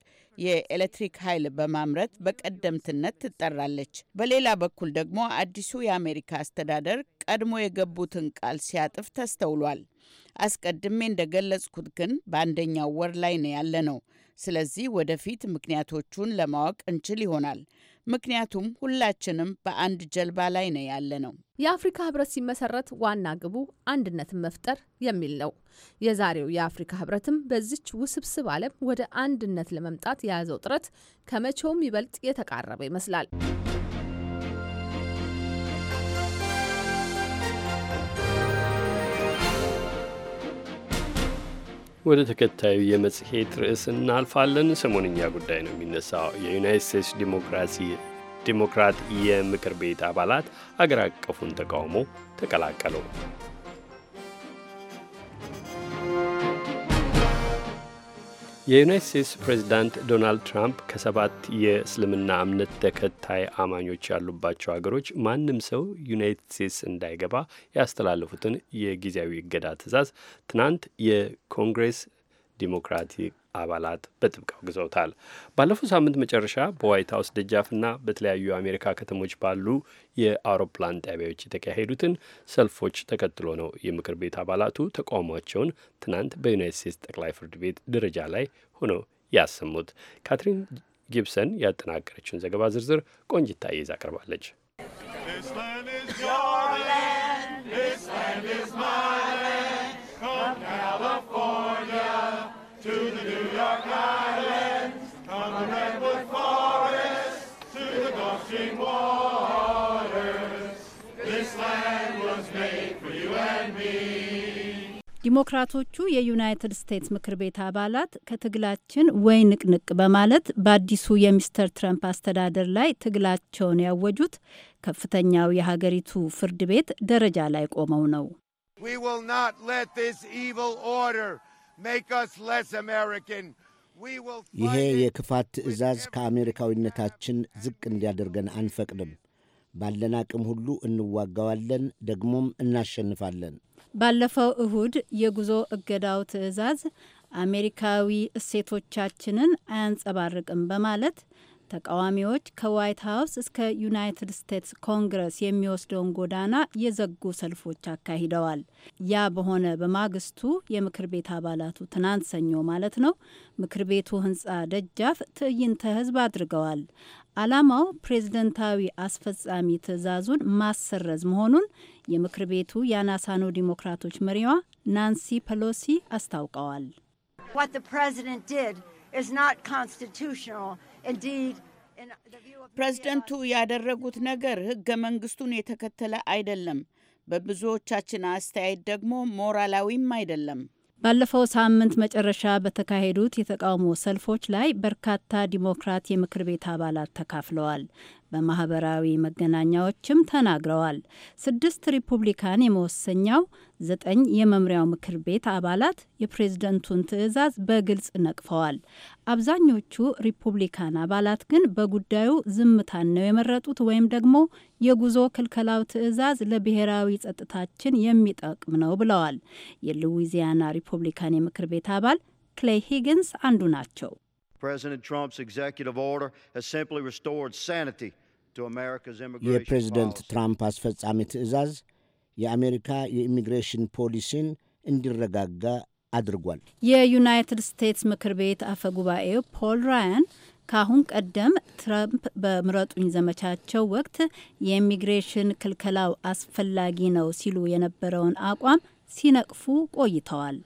የኤሌክትሪክ ኃይል በማምረት በቀደምትነት ትጠራለች። በሌላ በኩል ደግሞ አዲሱ የአሜሪካ አስተዳደር ቀድሞ የገቡትን ቃል ሲያጥፍ ተስተውሏል። አስቀድሜ እንደገለጽኩት ግን በአንደኛው ወር ላይ ነው ነው። ስለዚህ ወደፊት ምክንያቶቹን ለማወቅ እንችል ይሆናል። ምክንያቱም ሁላችንም በአንድ ጀልባ ላይ ነው ነው። የአፍሪካ ህብረት ሲመሰረት ዋና ግቡ አንድነትን መፍጠር የሚል ነው። የዛሬው የአፍሪካ ህብረትም በዚች ውስብስብ ዓለም ወደ አንድነት ለመምጣት የያዘው ጥረት ከመቼውም ይበልጥ የተቃረበ ይመስላል። ወደ ተከታዩ የመጽሔት ርዕስ እናልፋለን። ሰሞንኛ ጉዳይ ነው የሚነሳው። የዩናይት ስቴትስ ዲሞክራሲ ዲሞክራት የምክር ቤት አባላት አገር አቀፉን ተቃውሞ ተቀላቀሉ። የዩናይት ስቴትስ ፕሬዚዳንት ዶናልድ ትራምፕ ከሰባት የእስልምና እምነት ተከታይ አማኞች ያሉባቸው ሀገሮች ማንም ሰው ዩናይትድ ስቴትስ እንዳይገባ ያስተላለፉትን የጊዜያዊ እገዳ ትዕዛዝ ትናንት የኮንግሬስ ዲሞክራቲክ አባላት በጥብቅ አውግዘውታል። ባለፈው ሳምንት መጨረሻ በዋይት ሀውስ ደጃፍና በተለያዩ የአሜሪካ ከተሞች ባሉ የአውሮፕላን ጣቢያዎች የተካሄዱትን ሰልፎች ተከትሎ ነው የምክር ቤት አባላቱ ተቃውሟቸውን ትናንት በዩናይት ስቴትስ ጠቅላይ ፍርድ ቤት ደረጃ ላይ ሆነው ያሰሙት። ካትሪን ጊብሰን ያጠናቀረችውን ዘገባ ዝርዝር ቆንጅታ ይዛ አቅርባለች። ዲሞክራቶቹ የዩናይትድ ስቴትስ ምክር ቤት አባላት ከትግላችን ወይ ንቅንቅ በማለት በአዲሱ የሚስተር ትረምፕ አስተዳደር ላይ ትግላቸውን ያወጁት ከፍተኛው የሀገሪቱ ፍርድ ቤት ደረጃ ላይ ቆመው ነው። ይሄ የክፋት ትዕዛዝ ከአሜሪካዊነታችን ዝቅ እንዲያደርገን አንፈቅድም። ባለን አቅም ሁሉ እንዋጋዋለን፣ ደግሞም እናሸንፋለን። ባለፈው እሁድ የጉዞ እገዳው ትዕዛዝ አሜሪካዊ እሴቶቻችንን አያንጸባርቅም በማለት ተቃዋሚዎች ከዋይት ሀውስ እስከ ዩናይትድ ስቴትስ ኮንግረስ የሚወስደውን ጎዳና የዘጉ ሰልፎች አካሂደዋል። ያ በሆነ በማግስቱ የምክር ቤት አባላቱ ትናንት ሰኞ ማለት ነው ምክር ቤቱ ህንጻ ደጃፍ ትዕይንተ ህዝብ አድርገዋል። ዓላማው ፕሬዝደንታዊ አስፈጻሚ ትዕዛዙን ማሰረዝ መሆኑን የምክር ቤቱ የአናሳኖ ዲሞክራቶች መሪዋ ናንሲ ፐሎሲ አስታውቀዋል። ፕሬዝደንቱ ያደረጉት ነገር ህገ መንግስቱን የተከተለ አይደለም፣ በብዙዎቻችን አስተያየት ደግሞ ሞራላዊም አይደለም። ባለፈው ሳምንት መጨረሻ በተካሄዱት የተቃውሞ ሰልፎች ላይ በርካታ ዲሞክራት የምክር ቤት አባላት ተካፍለዋል። በማህበራዊ መገናኛዎችም ተናግረዋል። ስድስት ሪፑብሊካን የመወሰኛው ዘጠኝ የመምሪያው ምክር ቤት አባላት የፕሬዝደንቱን ትዕዛዝ በግልጽ ነቅፈዋል። አብዛኞቹ ሪፑብሊካን አባላት ግን በጉዳዩ ዝምታን ነው የመረጡት ወይም ደግሞ የጉዞ ክልከላው ትዕዛዝ ለብሔራዊ ጸጥታችን የሚጠቅም ነው ብለዋል። የሉዊዚያና ሪፑብሊካን የምክር ቤት አባል ክሌይ ሂግንስ አንዱ ናቸው። ፕሬዚደንት ትራምፕስ ኤግዜኪቲቭ ኦርደር ሃዝ ሲምፕሊ ሪስቶርድ የፕሬዝደንት ትራምፕ አስፈጻሚ ትዕዛዝ የአሜሪካ የኢሚግሬሽን ፖሊሲን እንዲረጋጋ አድርጓል። የዩናይትድ ስቴትስ ምክር ቤት አፈ ጉባኤው ፖል ራያን ከአሁን ቀደም ትራምፕ በምረጡኝ ዘመቻቸው ወቅት የኢሚግሬሽን ክልከላው አስፈላጊ ነው ሲሉ የነበረውን አቋም ሲነቅፉ ቆይተዋል።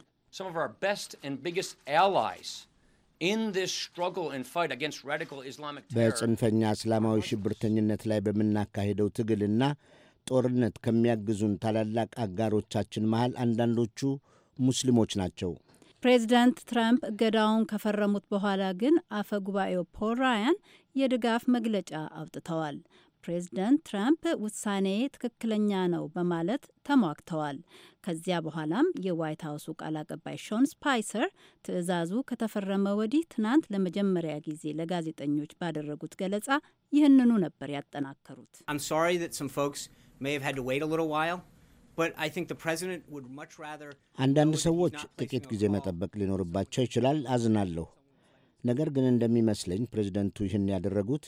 በጽንፈኛ እስላማዊ ሽብርተኝነት ላይ በምናካሄደው ትግልና ጦርነት ከሚያግዙን ታላላቅ አጋሮቻችን መሃል አንዳንዶቹ ሙስሊሞች ናቸው። ፕሬዚዳንት ትራምፕ እገዳውን ከፈረሙት በኋላ ግን አፈ ጉባኤው ፖል ራያን የድጋፍ መግለጫ አውጥተዋል። ፕሬዝደንት ትራምፕ ውሳኔ ትክክለኛ ነው በማለት ተሟግተዋል። ከዚያ በኋላም የዋይት ሀውሱ ቃል አቀባይ ሾን ስፓይሰር ትዕዛዙ ከተፈረመ ወዲህ ትናንት ለመጀመሪያ ጊዜ ለጋዜጠኞች ባደረጉት ገለጻ ይህንኑ ነበር ያጠናከሩት። አንዳንድ ሰዎች ጥቂት ጊዜ መጠበቅ ሊኖርባቸው ይችላል። አዝናለሁ። ነገር ግን እንደሚመስለኝ ፕሬዚደንቱ ይህን ያደረጉት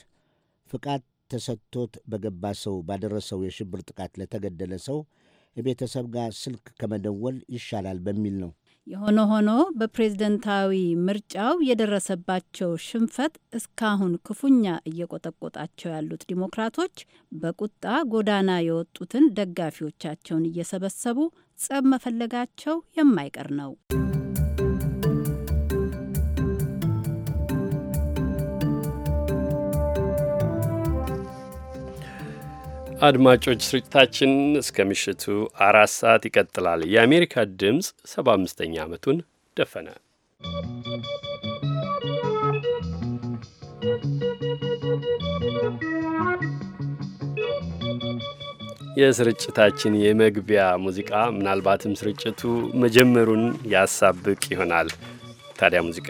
ፍቃድ ተሰጥቶት በገባ ሰው ባደረሰው የሽብር ጥቃት ለተገደለ ሰው የቤተሰብ ጋር ስልክ ከመደወል ይሻላል በሚል ነው። የሆነ ሆኖ በፕሬዝደንታዊ ምርጫው የደረሰባቸው ሽንፈት እስካሁን ክፉኛ እየቆጠቆጣቸው ያሉት ዲሞክራቶች በቁጣ ጎዳና የወጡትን ደጋፊዎቻቸውን እየሰበሰቡ ጸብ መፈለጋቸው የማይቀር ነው። አድማጮች ስርጭታችን እስከ ምሽቱ አራት ሰዓት ይቀጥላል። የአሜሪካ ድምፅ ሰባ አምስተኛ ዓመቱን ደፈነ። የስርጭታችን የመግቢያ ሙዚቃ ምናልባትም ስርጭቱ መጀመሩን ያሳብቅ ይሆናል። ታዲያ ሙዚቃ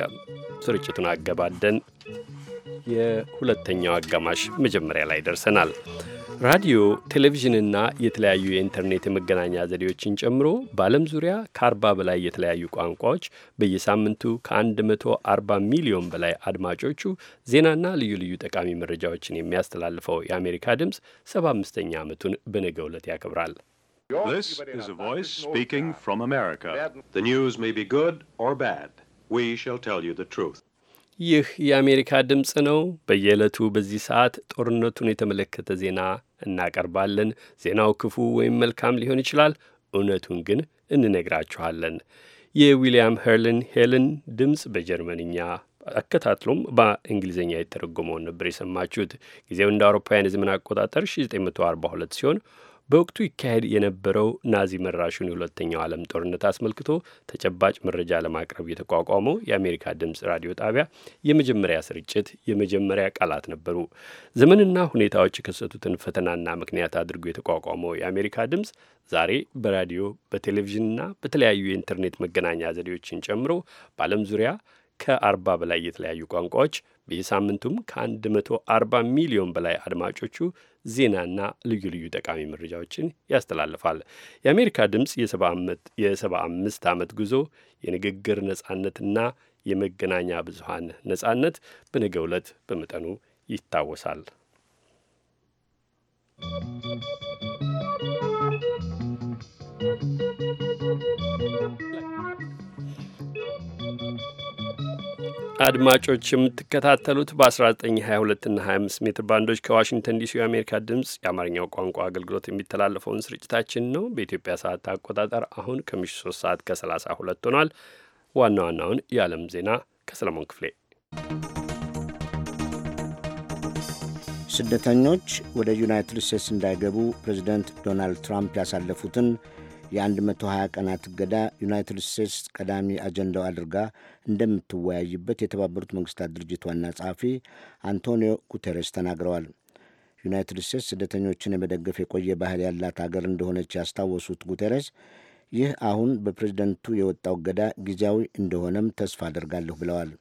ስርጭቱን አገባደን የሁለተኛው አጋማሽ መጀመሪያ ላይ ደርሰናል። ራዲዮ፣ ቴሌቪዥንና የተለያዩ የኢንተርኔት የመገናኛ ዘዴዎችን ጨምሮ በዓለም ዙሪያ ከአርባ በላይ የተለያዩ ቋንቋዎች በየሳምንቱ ከ140 ሚሊዮን በላይ አድማጮቹ ዜናና ልዩ ልዩ ጠቃሚ መረጃዎችን የሚያስተላልፈው የአሜሪካ ድምፅ 75ኛ ዓመቱን በነገ ዕለት ያከብራል። This is a voice speaking from America. The news may be good or bad. We shall tell you the truth. ይህ የአሜሪካ ድምፅ ነው። በየዕለቱ በዚህ ሰዓት ጦርነቱን የተመለከተ ዜና እናቀርባለን። ዜናው ክፉ ወይም መልካም ሊሆን ይችላል። እውነቱን ግን እንነግራችኋለን። የዊልያም ሄርልን ሄልን ድምፅ በጀርመንኛ አከታትሎም በእንግሊዝኛ የተረጎመውን ነበር የሰማችሁት። ጊዜው እንደ አውሮፓውያን የዘመን አቆጣጠር 1942 ሲሆን በወቅቱ ይካሄድ የነበረው ናዚ መራሹን የሁለተኛው ዓለም ጦርነት አስመልክቶ ተጨባጭ መረጃ ለማቅረብ የተቋቋመው የአሜሪካ ድምፅ ራዲዮ ጣቢያ የመጀመሪያ ስርጭት የመጀመሪያ ቃላት ነበሩ። ዘመንና ሁኔታዎች የከሰቱትን ፈተናና ምክንያት አድርጎ የተቋቋመው የአሜሪካ ድምፅ ዛሬ በራዲዮ በቴሌቪዥንና በተለያዩ የኢንተርኔት መገናኛ ዘዴዎችን ጨምሮ በዓለም ዙሪያ ከአርባ በላይ የተለያዩ ቋንቋዎች በየሳምንቱም ከአንድ መቶ አርባ ሚሊዮን በላይ አድማጮቹ ዜናና ልዩ ልዩ ጠቃሚ መረጃዎችን ያስተላልፋል። የአሜሪካ ድምፅ የሰባ አምስት ዓመት ጉዞ የንግግር ነጻነትና የመገናኛ ብዙሀን ነጻነት በነገ ዕለት በመጠኑ ይታወሳል። አድማጮች የምትከታተሉት በ1922 እና 25 ሜትር ባንዶች ከዋሽንግተን ዲሲ የአሜሪካ ድምፅ የአማርኛው ቋንቋ አገልግሎት የሚተላለፈውን ስርጭታችን ነው። በኢትዮጵያ ሰዓት አቆጣጠር አሁን ከምሽቱ 3 ሰዓት ከ32 ሆኗል። ዋና ዋናውን የዓለም ዜና ከሰለሞን ክፍሌ። ስደተኞች ወደ ዩናይትድ ስቴትስ እንዳይገቡ ፕሬዚደንት ዶናልድ ትራምፕ ያሳለፉትን የ120 ቀናት እገዳ ዩናይትድ ስቴትስ ቀዳሚ አጀንዳው አድርጋ እንደምትወያይበት የተባበሩት መንግስታት ድርጅት ዋና ጸሐፊ አንቶኒዮ ጉቴሬስ ተናግረዋል። ዩናይትድ ስቴትስ ስደተኞችን የመደገፍ የቆየ ባህል ያላት አገር እንደሆነች ያስታወሱት ጉቴሬስ ይህ አሁን በፕሬዝደንቱ የወጣው እገዳ ጊዜያዊ እንደሆነም ተስፋ አደርጋለሁ ብለዋል።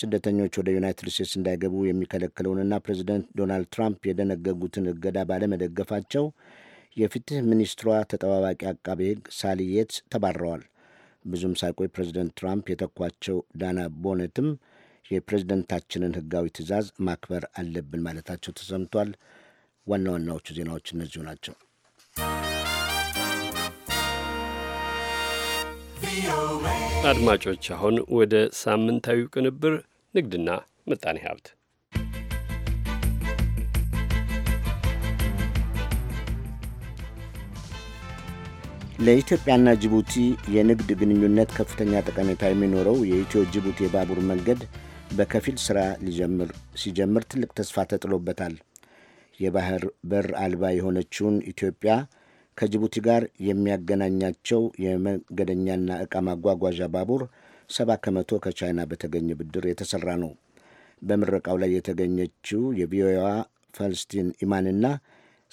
ስደተኞች ወደ ዩናይትድ ስቴትስ እንዳይገቡ የሚከለክለውንና ፕሬዚደንት ዶናልድ ትራምፕ የደነገጉትን እገዳ ባለመደገፋቸው የፍትህ ሚኒስትሯ ተጠባባቂ አቃቤ ሕግ ሳሊ የትስ ተባረዋል። ብዙም ሳይቆይ ፕሬዚደንት ትራምፕ የተኳቸው ዳና ቦነትም የፕሬዝደንታችንን ህጋዊ ትዕዛዝ ማክበር አለብን ማለታቸው ተሰምቷል። ዋና ዋናዎቹ ዜናዎች እነዚሁ ናቸው። አድማጮች፣ አሁን ወደ ሳምንታዊው ቅንብር ንግድና ምጣኔ ሀብት ለኢትዮጵያና ጅቡቲ የንግድ ግንኙነት ከፍተኛ ጠቀሜታ የሚኖረው የኢትዮ ጅቡቲ የባቡር መንገድ በከፊል ሥራ ሊጀምር ሲጀምር ትልቅ ተስፋ ተጥሎበታል። የባህር በር አልባ የሆነችውን ኢትዮጵያ ከጅቡቲ ጋር የሚያገናኛቸው የመንገደኛና ዕቃ ማጓጓዣ ባቡር ሰባ ከመቶ ከቻይና በተገኘ ብድር የተሠራ ነው። በምረቃው ላይ የተገኘችው የቪኦኤዋ ፈልስቲን ኢማንና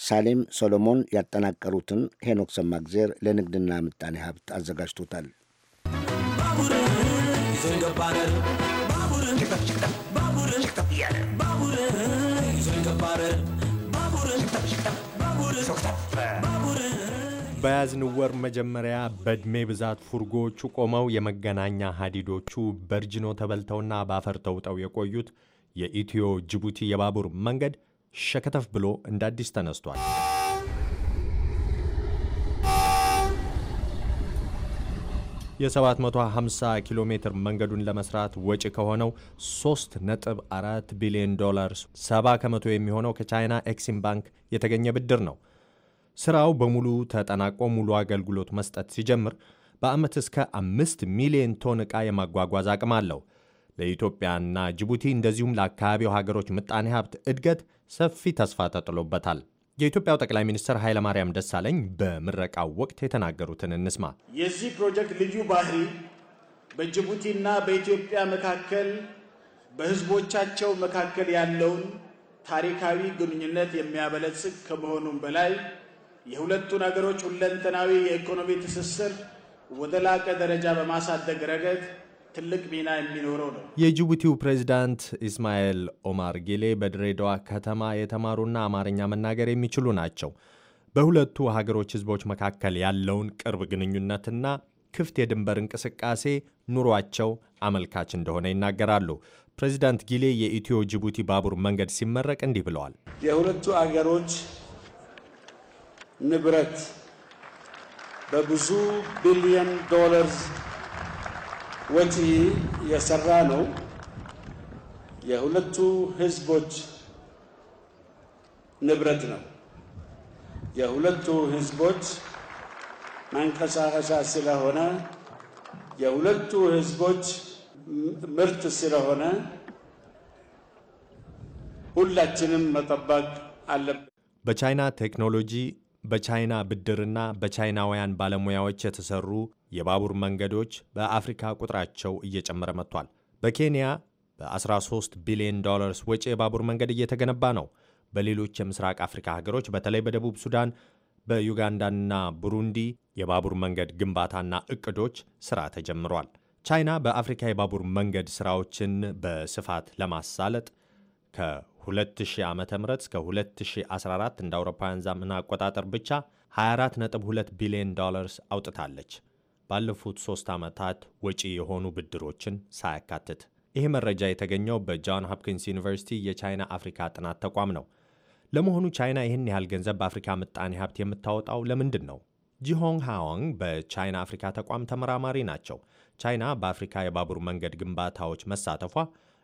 ሳሌም ሰሎሞን ያጠናቀሩትን ሄኖክ ሰማግዜር ለንግድና ምጣኔ ሀብት አዘጋጅቶታል። በያዝን ወር መጀመሪያ በዕድሜ ብዛት ፉርጎዎቹ ቆመው የመገናኛ ሀዲዶቹ በርጅኖ ተበልተውና በአፈር ተውጠው የቆዩት የኢትዮ ጅቡቲ የባቡር መንገድ ሸከተፍ ብሎ እንደ አዲስ ተነስቷል። የ750 ኪሎ ሜትር መንገዱን ለመስራት ወጪ ከሆነው 3.4 ቢሊዮን ዶላር 70 ከመቶ የሚሆነው ከቻይና ኤክሲም ባንክ የተገኘ ብድር ነው። ስራው በሙሉ ተጠናቆ ሙሉ አገልግሎት መስጠት ሲጀምር በዓመት እስከ 5 ሚሊዮን ቶን ዕቃ የማጓጓዝ አቅም አለው። ለኢትዮጵያና ጅቡቲ እንደዚሁም ለአካባቢው ሀገሮች ምጣኔ ሀብት እድገት ሰፊ ተስፋ ተጥሎበታል። የኢትዮጵያው ጠቅላይ ሚኒስትር ኃይለማርያም ደሳለኝ በምረቃው ወቅት የተናገሩትን እንስማ። የዚህ ፕሮጀክት ልዩ ባህሪ በጅቡቲና በኢትዮጵያ መካከል በህዝቦቻቸው መካከል ያለውን ታሪካዊ ግንኙነት የሚያበለጽግ ከመሆኑም በላይ የሁለቱን አገሮች ሁለንተናዊ የኢኮኖሚ ትስስር ወደ ላቀ ደረጃ በማሳደግ ረገድ ትልቅ ሚና የሚኖረው ነው። የጅቡቲው ፕሬዚዳንት ኢስማኤል ኦማር ጌሌ በድሬዳዋ ከተማ የተማሩና አማርኛ መናገር የሚችሉ ናቸው። በሁለቱ ሀገሮች ህዝቦች መካከል ያለውን ቅርብ ግንኙነትና ክፍት የድንበር እንቅስቃሴ ኑሯቸው አመልካች እንደሆነ ይናገራሉ። ፕሬዚዳንት ጊሌ የኢትዮ ጅቡቲ ባቡር መንገድ ሲመረቅ እንዲህ ብለዋል። የሁለቱ አገሮች ንብረት በብዙ ቢሊዮን ዶላርስ ወጪ የሰራ ነው። የሁለቱ ህዝቦች ንብረት ነው። የሁለቱ ህዝቦች መንቀሳቀሻ ስለሆነ የሁለቱ ህዝቦች ምርት ስለሆነ ሁላችንም መጠበቅ አለብን። በቻይና ቴክኖሎጂ በቻይና ብድርና በቻይናውያን ባለሙያዎች የተሰሩ የባቡር መንገዶች በአፍሪካ ቁጥራቸው እየጨመረ መጥቷል። በኬንያ በ13 ቢሊዮን ዶላርስ ወጪ የባቡር መንገድ እየተገነባ ነው። በሌሎች የምስራቅ አፍሪካ ሀገሮች በተለይ በደቡብ ሱዳን፣ በዩጋንዳና ቡሩንዲ የባቡር መንገድ ግንባታና እቅዶች ሥራ ተጀምሯል። ቻይና በአፍሪካ የባቡር መንገድ ሥራዎችን በስፋት ለማሳለጥ ከ 2000 ዓ ም እስከ 2014 እንደ አውሮፓውያን ዘመን አቆጣጠር ብቻ 24.2 ቢሊዮን ዶላርስ አውጥታለች ባለፉት ሦስት ዓመታት ወጪ የሆኑ ብድሮችን ሳያካትት። ይህ መረጃ የተገኘው በጆን ሆፕኪንስ ዩኒቨርሲቲ የቻይና አፍሪካ ጥናት ተቋም ነው። ለመሆኑ ቻይና ይህን ያህል ገንዘብ በአፍሪካ ምጣኔ ሀብት የምታወጣው ለምንድን ነው? ጂሆንግ ሃዋንግ በቻይና አፍሪካ ተቋም ተመራማሪ ናቸው። ቻይና በአፍሪካ የባቡር መንገድ ግንባታዎች መሳተፏ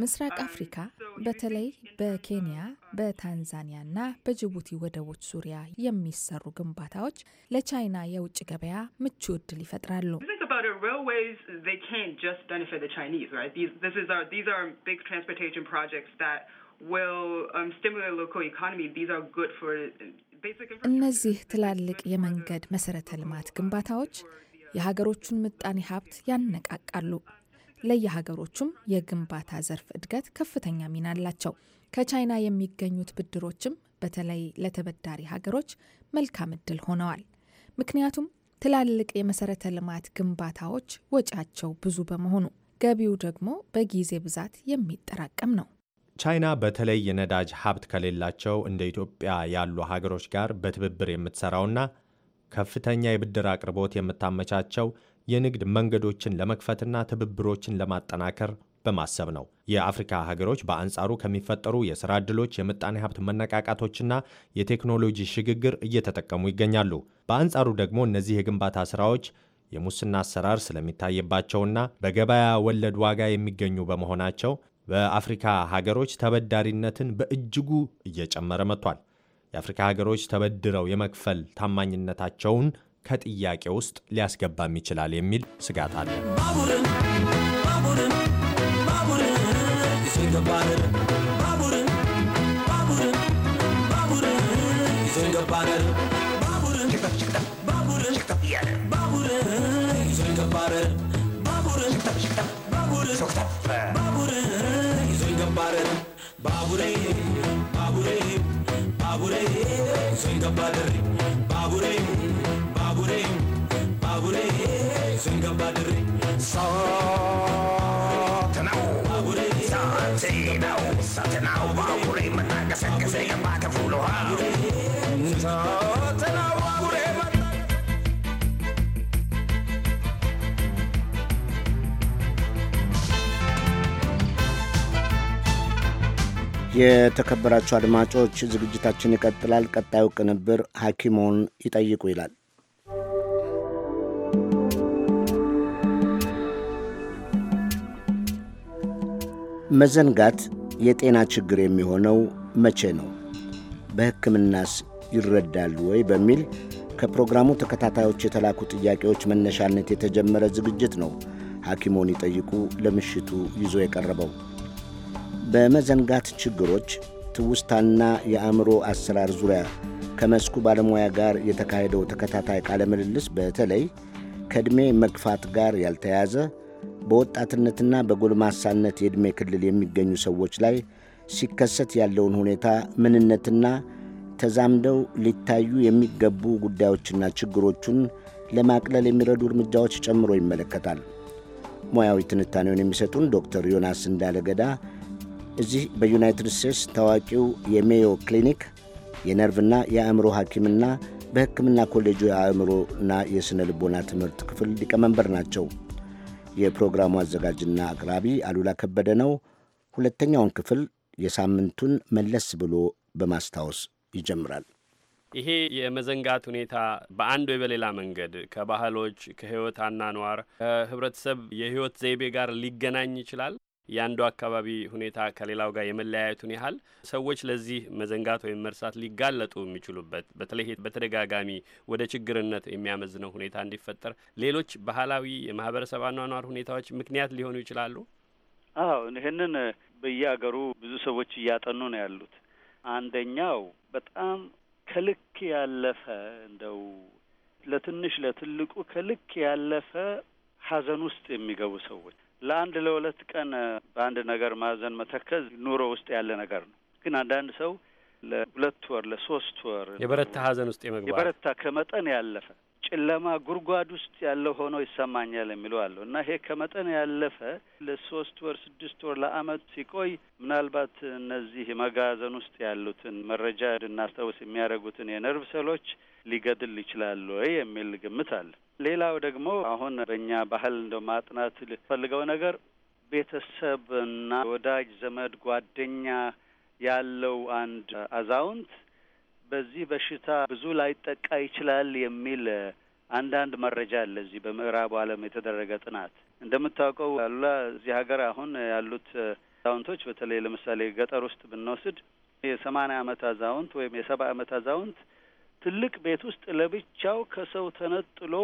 ምስራቅ አፍሪካ በተለይ በኬንያ በታንዛኒያ እና በጅቡቲ ወደቦች ዙሪያ የሚሰሩ ግንባታዎች ለቻይና የውጭ ገበያ ምቹ እድል ይፈጥራሉ። um, እነዚህ ትላልቅ የመንገድ መሰረተ ልማት ግንባታዎች የሀገሮቹን ምጣኔ ሀብት ያነቃቃሉ። ለየሀገሮቹም የግንባታ ዘርፍ እድገት ከፍተኛ ሚና አላቸው። ከቻይና የሚገኙት ብድሮችም በተለይ ለተበዳሪ ሀገሮች መልካም እድል ሆነዋል። ምክንያቱም ትላልቅ የመሰረተ ልማት ግንባታዎች ወጪያቸው ብዙ በመሆኑ ገቢው ደግሞ በጊዜ ብዛት የሚጠራቀም ነው። ቻይና በተለይ የነዳጅ ሀብት ከሌላቸው እንደ ኢትዮጵያ ያሉ ሀገሮች ጋር በትብብር የምትሰራውና ከፍተኛ የብድር አቅርቦት የምታመቻቸው የንግድ መንገዶችን ለመክፈትና ትብብሮችን ለማጠናከር በማሰብ ነው። የአፍሪካ ሀገሮች በአንጻሩ ከሚፈጠሩ የሥራ ዕድሎች፣ የምጣኔ ሀብት መነቃቃቶችና የቴክኖሎጂ ሽግግር እየተጠቀሙ ይገኛሉ። በአንጻሩ ደግሞ እነዚህ የግንባታ ሥራዎች የሙስና አሰራር ስለሚታይባቸውና በገበያ ወለድ ዋጋ የሚገኙ በመሆናቸው በአፍሪካ ሀገሮች ተበዳሪነትን በእጅጉ እየጨመረ መጥቷል። የአፍሪካ ሀገሮች ተበድረው የመክፈል ታማኝነታቸውን ከጥያቄ ውስጥ ሊያስገባም ይችላል የሚል ስጋት አለ። ባቡሬ ባቡሬ ባቡሬ ባቡሬ ባቡሬ ባቡሬ የተከበራቸው አድማጮች ዝግጅታችን ይቀጥላል። ቀጣዩ ቅንብር ሐኪሞን ይጠይቁ ይላል። መዘንጋት የጤና ችግር የሚሆነው መቼ ነው? በሕክምናስ ይረዳሉ ወይ? በሚል ከፕሮግራሙ ተከታታዮች የተላኩ ጥያቄዎች መነሻነት የተጀመረ ዝግጅት ነው። ሐኪሞን ይጠይቁ ለምሽቱ ይዞ የቀረበው በመዘንጋት ችግሮች ትውስታና የአእምሮ አሰራር ዙሪያ ከመስኩ ባለሙያ ጋር የተካሄደው ተከታታይ ቃለ ምልልስ በተለይ ከዕድሜ መግፋት ጋር ያልተያዘ በወጣትነትና በጎልማሳነት የዕድሜ ክልል የሚገኙ ሰዎች ላይ ሲከሰት ያለውን ሁኔታ ምንነትና ተዛምደው ሊታዩ የሚገቡ ጉዳዮችና ችግሮቹን ለማቅለል የሚረዱ እርምጃዎች ጨምሮ ይመለከታል። ሙያዊ ትንታኔውን የሚሰጡን ዶክተር ዮናስ እንዳለገዳ እዚህ በዩናይትድ ስቴትስ ታዋቂው የሜዮ ክሊኒክ የነርቭና የአእምሮ ሐኪምና በሕክምና ኮሌጁ የአእምሮና የሥነ ልቦና ትምህርት ክፍል ሊቀመንበር ናቸው። የፕሮግራሙ አዘጋጅና አቅራቢ አሉላ ከበደ ነው። ሁለተኛውን ክፍል የሳምንቱን መለስ ብሎ በማስታወስ ይጀምራል። ይሄ የመዘንጋት ሁኔታ በአንድ ወይ በሌላ መንገድ ከባህሎች፣ ከህይወት አናኗር ከህብረተሰብ የህይወት ዘይቤ ጋር ሊገናኝ ይችላል። የአንዱ አካባቢ ሁኔታ ከሌላው ጋር የመለያየቱን ያህል ሰዎች ለዚህ መዘንጋት ወይም መርሳት ሊጋለጡ የሚችሉበት በተለይ በተደጋጋሚ ወደ ችግርነት የሚያመዝነው ሁኔታ እንዲፈጠር ሌሎች ባህላዊ የማህበረሰብ አኗኗር ሁኔታዎች ምክንያት ሊሆኑ ይችላሉ። አዎ ይህንን በየሀገሩ ብዙ ሰዎች እያጠኑ ነው ያሉት። አንደኛው በጣም ከልክ ያለፈ እንደው ለትንሽ ለትልቁ ከልክ ያለፈ ሀዘን ውስጥ የሚገቡ ሰዎች ለአንድ ለሁለት ቀን በአንድ ነገር ማዘን መተከዝ ኑሮ ውስጥ ያለ ነገር ነው። ግን አንዳንድ ሰው ለሁለት ወር ለሶስት ወር የበረታ ሀዘን ውስጥ የመግባት የበረታ ከመጠን ያለፈ ጨለማ ጉድጓድ ውስጥ ያለው ሆኖ ይሰማኛል የሚለው አለው እና ይሄ ከመጠን ያለፈ ለሶስት ወር ስድስት ወር ለአመት ሲቆይ ምናልባት እነዚህ መጋዘን ውስጥ ያሉትን መረጃ እንድናስታውስ የሚያደርጉትን የነርቭ ሰሎች ሊገድል ይችላሉ ወይ የሚል ግምት አለ። ሌላው ደግሞ አሁን በእኛ ባህል እንደ ማጥናት ልፈልገው ነገር ቤተሰብና ወዳጅ ዘመድ ጓደኛ ያለው አንድ አዛውንት በዚህ በሽታ ብዙ ላይጠቃ ይችላል የሚል አንዳንድ መረጃ አለ። እዚህ በምዕራቡ ዓለም የተደረገ ጥናት እንደምታውቀው አሉላ፣ እዚህ ሀገር አሁን ያሉት አዛውንቶች በተለይ ለምሳሌ ገጠር ውስጥ ብንወስድ የሰማንያ አመት አዛውንት ወይም የሰባ ዓመት አዛውንት ትልቅ ቤት ውስጥ ለብቻው ከሰው ተነጥሎ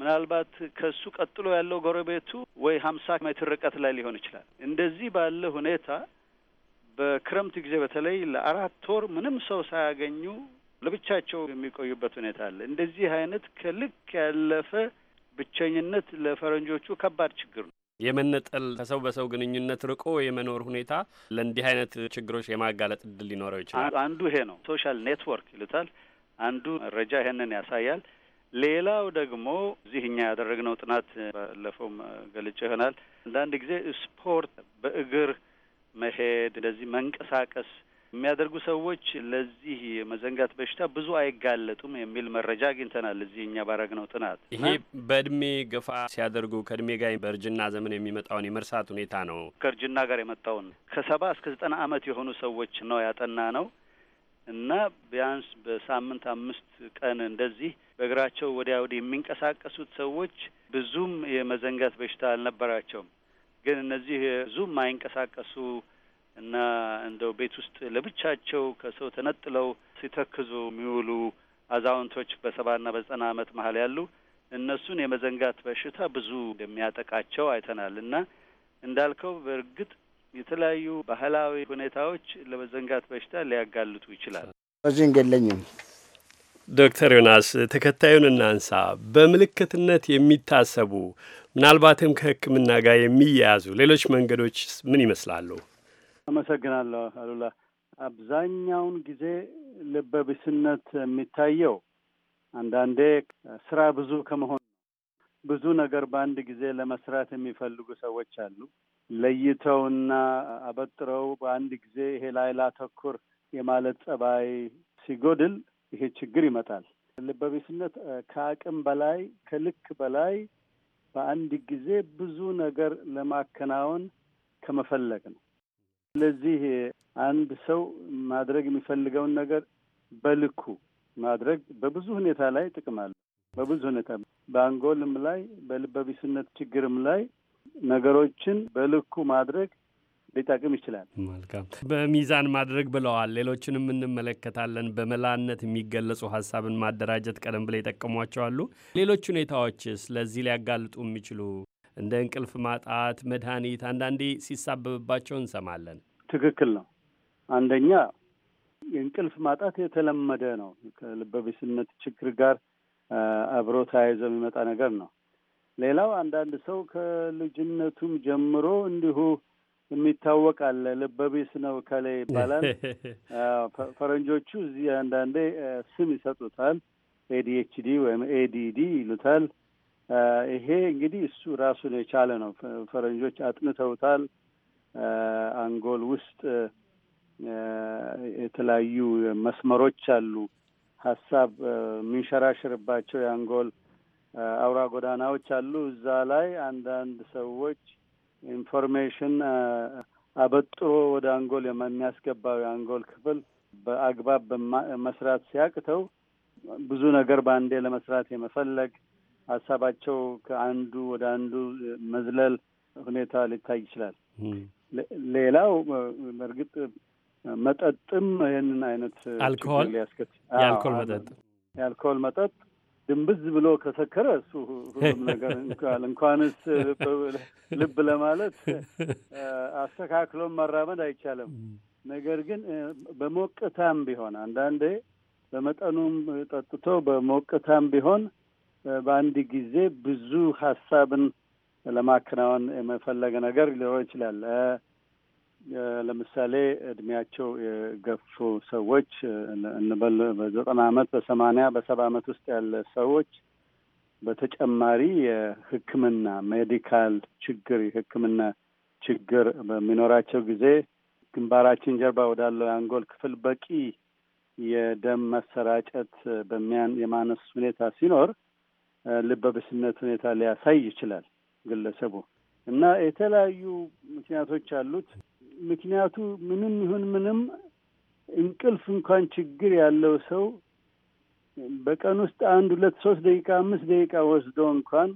ምናልባት ከሱ ቀጥሎ ያለው ጎረቤቱ ወይ ሀምሳ ሜትር ርቀት ላይ ሊሆን ይችላል። እንደዚህ ባለ ሁኔታ በክረምት ጊዜ በተለይ ለአራት ወር ምንም ሰው ሳያገኙ ለብቻቸው የሚቆዩበት ሁኔታ አለ። እንደዚህ አይነት ከልክ ያለፈ ብቸኝነት ለፈረንጆቹ ከባድ ችግር ነው። የመነጠል ከሰው በሰው ግንኙነት ርቆ የመኖር ሁኔታ ለእንዲህ አይነት ችግሮች የማጋለጥ እድል ሊኖረው ይችላል። አንዱ ይሄ ነው። ሶሻል ኔትወርክ ይሉታል። አንዱ መረጃ ይሄንን ያሳያል። ሌላው ደግሞ እዚህ እኛ ያደረግነው ጥናት ባለፈውም ገልጬ ይሆናል። አንዳንድ ጊዜ ስፖርት በእግር መሄድ እንደዚህ መንቀሳቀስ የሚያደርጉ ሰዎች ለዚህ የመዘንጋት በሽታ ብዙ አይጋለጡም የሚል መረጃ አግኝተናል። እዚህ እኛ ባረግነው ጥናት ይሄ በእድሜ ገፋ ሲያደርጉ ከእድሜ ጋር በእርጅና ዘመን የሚመጣውን የመርሳት ሁኔታ ነው። ከእርጅና ጋር የመጣውን ከሰባ እስከ ዘጠና ዓመት የሆኑ ሰዎች ነው ያጠና ነው እና ቢያንስ በሳምንት አምስት ቀን እንደዚህ በእግራቸው ወዲያ ወዲህ የሚንቀሳቀሱት ሰዎች ብዙም የመዘንጋት በሽታ አልነበራቸውም። ግን እነዚህ ብዙም አይንቀሳቀሱ እና እንደው ቤት ውስጥ ለብቻቸው ከሰው ተነጥለው ሲተክዙ የሚውሉ አዛውንቶች በሰባና በዘጠና አመት መሀል ያሉ እነሱን የመዘንጋት በሽታ ብዙ እንደሚያጠቃቸው አይተናል። እና እንዳልከው በእርግጥ የተለያዩ ባህላዊ ሁኔታዎች ለመዘንጋት በሽታ ሊያጋልጡ ይችላል። እዚህ እንገለኝም ዶክተር ዮናስ ተከታዩን እናንሳ። በምልክትነት የሚታሰቡ ምናልባትም ከሕክምና ጋር የሚያያዙ ሌሎች መንገዶች ምን ይመስላሉ? አመሰግናለሁ አሉላ። አብዛኛውን ጊዜ ልበብስነት የሚታየው አንዳንዴ ስራ ብዙ ከመሆን ብዙ ነገር በአንድ ጊዜ ለመስራት የሚፈልጉ ሰዎች አሉ። ለይተውና አበጥረው በአንድ ጊዜ ይሄ ላይ ላተኩር የማለት ጸባይ ሲጎድል ይሄ ችግር ይመጣል። ልበቢስነት ከአቅም በላይ ከልክ በላይ በአንድ ጊዜ ብዙ ነገር ለማከናወን ከመፈለግ ነው። ስለዚህ አንድ ሰው ማድረግ የሚፈልገውን ነገር በልኩ ማድረግ በብዙ ሁኔታ ላይ ጥቅም አለ። በብዙ ሁኔታ በአንጎልም ላይ በልበቢስነት ችግርም ላይ ነገሮችን በልኩ ማድረግ ሊጠቅም ይችላል። መልካም በሚዛን ማድረግ ብለዋል። ሌሎችንም እንመለከታለን። በመላነት የሚገለጹ ሀሳብን ማደራጀት ቀደም ብለ ይጠቀሟቸዋሉ። ሌሎች ሁኔታዎች ስለዚህ ሊያጋልጡ የሚችሉ እንደ እንቅልፍ ማጣት፣ መድኃኒት አንዳንዴ ሲሳበብባቸው እንሰማለን። ትክክል ነው። አንደኛ የእንቅልፍ ማጣት የተለመደ ነው። ከልበቤስነት ችግር ጋር አብሮ ተያይዞ የሚመጣ ነገር ነው። ሌላው አንዳንድ ሰው ከልጅነቱም ጀምሮ እንዲሁ የሚታወቅ አለ። ልበቢስ ነው ከላ ይባላል። [laughs] ፈረንጆቹ እዚህ አንዳንዴ ስም ይሰጡታል። ኤዲኤችዲ ወይም ኤዲዲ ይሉታል። ይሄ እንግዲህ እሱ ራሱን የቻለ ነው። ፈረንጆች አጥንተውታል። አንጎል ውስጥ የተለያዩ መስመሮች አሉ። ሀሳብ የሚንሸራሽርባቸው የአንጎል አውራ ጎዳናዎች አሉ። እዛ ላይ አንዳንድ ሰዎች ኢንፎርሜሽን አበጥሮ ወደ አንጎል የሚያስገባው የአንጎል ክፍል በአግባብ መስራት ሲያቅተው ብዙ ነገር በአንዴ ለመስራት የመፈለግ ሀሳባቸው ከአንዱ ወደ አንዱ መዝለል ሁኔታ ሊታይ ይችላል። ሌላው በእርግጥ መጠጥም ይህንን አይነት አልኮል የአልኮል መጠጥ የአልኮል መጠጥ ድንብዝ ብሎ ከሰከረ እሱ ሁሉም ነገር እንኳን እንኳንስ ልብ ለማለት አስተካክሎም መራመድ አይቻልም። ነገር ግን በሞቅታም ቢሆን አንዳንዴ በመጠኑም ጠጥቶ በሞቅታም ቢሆን በአንድ ጊዜ ብዙ ሀሳብን ለማከናወን የመፈለገ ነገር ሊኖር ይችላል። ለምሳሌ እድሜያቸው የገፉ ሰዎች እንበል በዘጠና አመት በሰማንያ በሰባ አመት ውስጥ ያለ ሰዎች በተጨማሪ የሕክምና ሜዲካል ችግር የሕክምና ችግር በሚኖራቸው ጊዜ ግንባራችን ጀርባ ወዳለው የአንጎል ክፍል በቂ የደም መሰራጨት በሚያን የማነስ ሁኔታ ሲኖር ልበብስነት ሁኔታ ሊያሳይ ይችላል ግለሰቡ እና የተለያዩ ምክንያቶች አሉት። ምክንያቱ ምንም ይሁን ምንም እንቅልፍ እንኳን ችግር ያለው ሰው በቀን ውስጥ አንድ ሁለት ሶስት ደቂቃ አምስት ደቂቃ ወስዶ እንኳን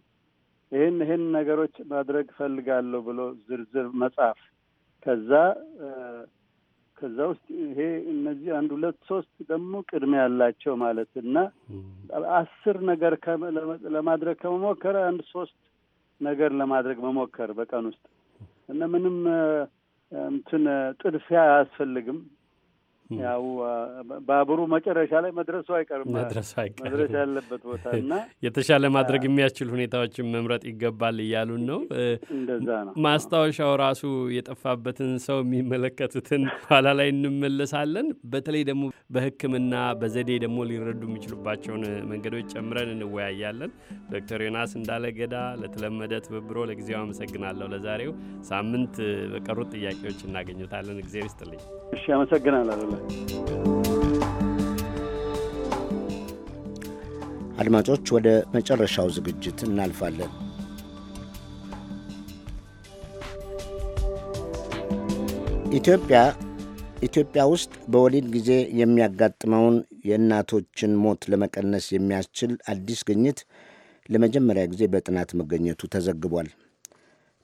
ይህን ይህን ነገሮች ማድረግ እፈልጋለሁ ብሎ ዝርዝር መጻፍ ከዛ ከዛ ውስጥ ይሄ እነዚህ አንድ ሁለት ሶስት ደግሞ ቅድሚያ ያላቸው ማለት እና አስር ነገር ለማድረግ ከመሞከር አንድ ሶስት ነገር ለማድረግ መሞከር በቀን ውስጥ እና ምንም እንትን ጥድፊያ አያስፈልግም። ያው ባቡሩ መጨረሻ ላይ መድረሱ አይቀርም። መድረሱ አይቀርም። መድረስ ያለበት ቦታ [laughs] እና የተሻለ ማድረግ የሚያስችል ሁኔታዎችን መምረጥ ይገባል እያሉን ነው። እንደዛ ነው። ማስታወሻው ራሱ የጠፋበትን ሰው የሚመለከቱትን ኋላ ላይ እንመለሳለን። በተለይ ደግሞ በሕክምና በዘዴ ደግሞ ሊረዱ የሚችሉባቸውን መንገዶች ጨምረን እንወያያለን። ዶክተር ዮናስ እንዳለ ገዳ ለተለመደ ትብብሮ ለጊዜው አመሰግናለሁ። ለዛሬው ሳምንት በቀሩት ጥያቄዎች እናገኘታለን። እግዜር ይስጥልኝ። እሺ፣ አመሰግናለሁ። አድማጮች ወደ መጨረሻው ዝግጅት እናልፋለን። ኢትዮጵያ ኢትዮጵያ ውስጥ በወሊድ ጊዜ የሚያጋጥመውን የእናቶችን ሞት ለመቀነስ የሚያስችል አዲስ ግኝት ለመጀመሪያ ጊዜ በጥናት መገኘቱ ተዘግቧል።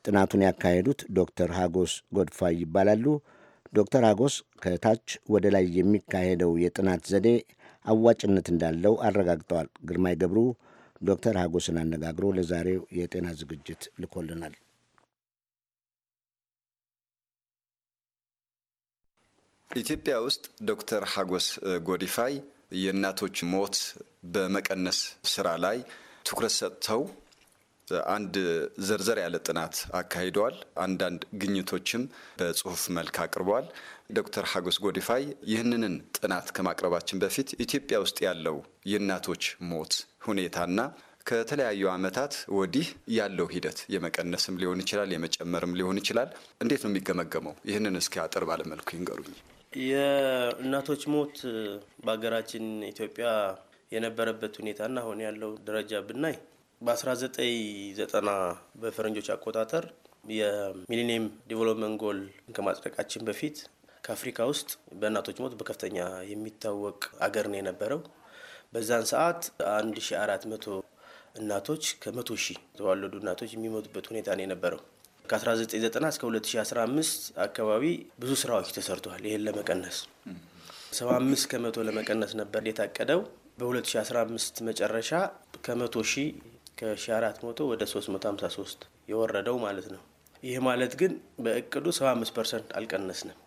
ጥናቱን ያካሄዱት ዶክተር ሃጎስ ጎድፋይ ይባላሉ። ዶክተር አጎስ ከታች ወደ ላይ የሚካሄደው የጥናት ዘዴ አዋጭነት እንዳለው አረጋግጠዋል። ግርማይ ገብሩ ዶክተር ሀጎስን አነጋግሮ ለዛሬው የጤና ዝግጅት ልኮልናል። ኢትዮጵያ ውስጥ ዶክተር ሀጎስ ጎዲፋይ የእናቶች ሞት በመቀነስ ስራ ላይ ትኩረት ሰጥተው አንድ ዘርዘር ያለ ጥናት አካሂደዋል። አንዳንድ ግኝቶችም በጽሁፍ መልክ አቅርበዋል። ዶክተር ሀጎስ ጎዲፋይ ይህንን ጥናት ከማቅረባችን በፊት ኢትዮጵያ ውስጥ ያለው የእናቶች ሞት ሁኔታና ከተለያዩ ዓመታት ወዲህ ያለው ሂደት የመቀነስም ሊሆን ይችላል፣ የመጨመርም ሊሆን ይችላል። እንዴት ነው የሚገመገመው? ይህንን እስኪ አጠር ባለመልኩ ይንገሩኝ። የእናቶች ሞት በሀገራችን ኢትዮጵያ የነበረበት ሁኔታና አሁን ያለው ደረጃ ብናይ በ1990 በፈረንጆች አቆጣጠር የሚሊኒየም ዲቨሎፕመንት ጎል ከማጽደቃችን በፊት ከአፍሪካ ውስጥ በእናቶች ሞት በከፍተኛ የሚታወቅ አገር ነው የነበረው። በዛን ሰዓት 1400 እናቶች ከመቶ ሺህ የተዋለዱ እናቶች የሚሞቱበት ሁኔታ ነው የነበረው። ከ1990 እስከ 2015 አካባቢ ብዙ ስራዎች ተሰርተዋል። ይህን ለመቀነስ 75 ከመቶ ለመቀነስ ነበር የታቀደው። በ2015 መጨረሻ ከመቶ ሺህ ከ1400 ወደ 353 የወረደው ማለት ነው። ይህ ማለት ግን በእቅዱ 75 ፐርሰንት አልቀነስንም።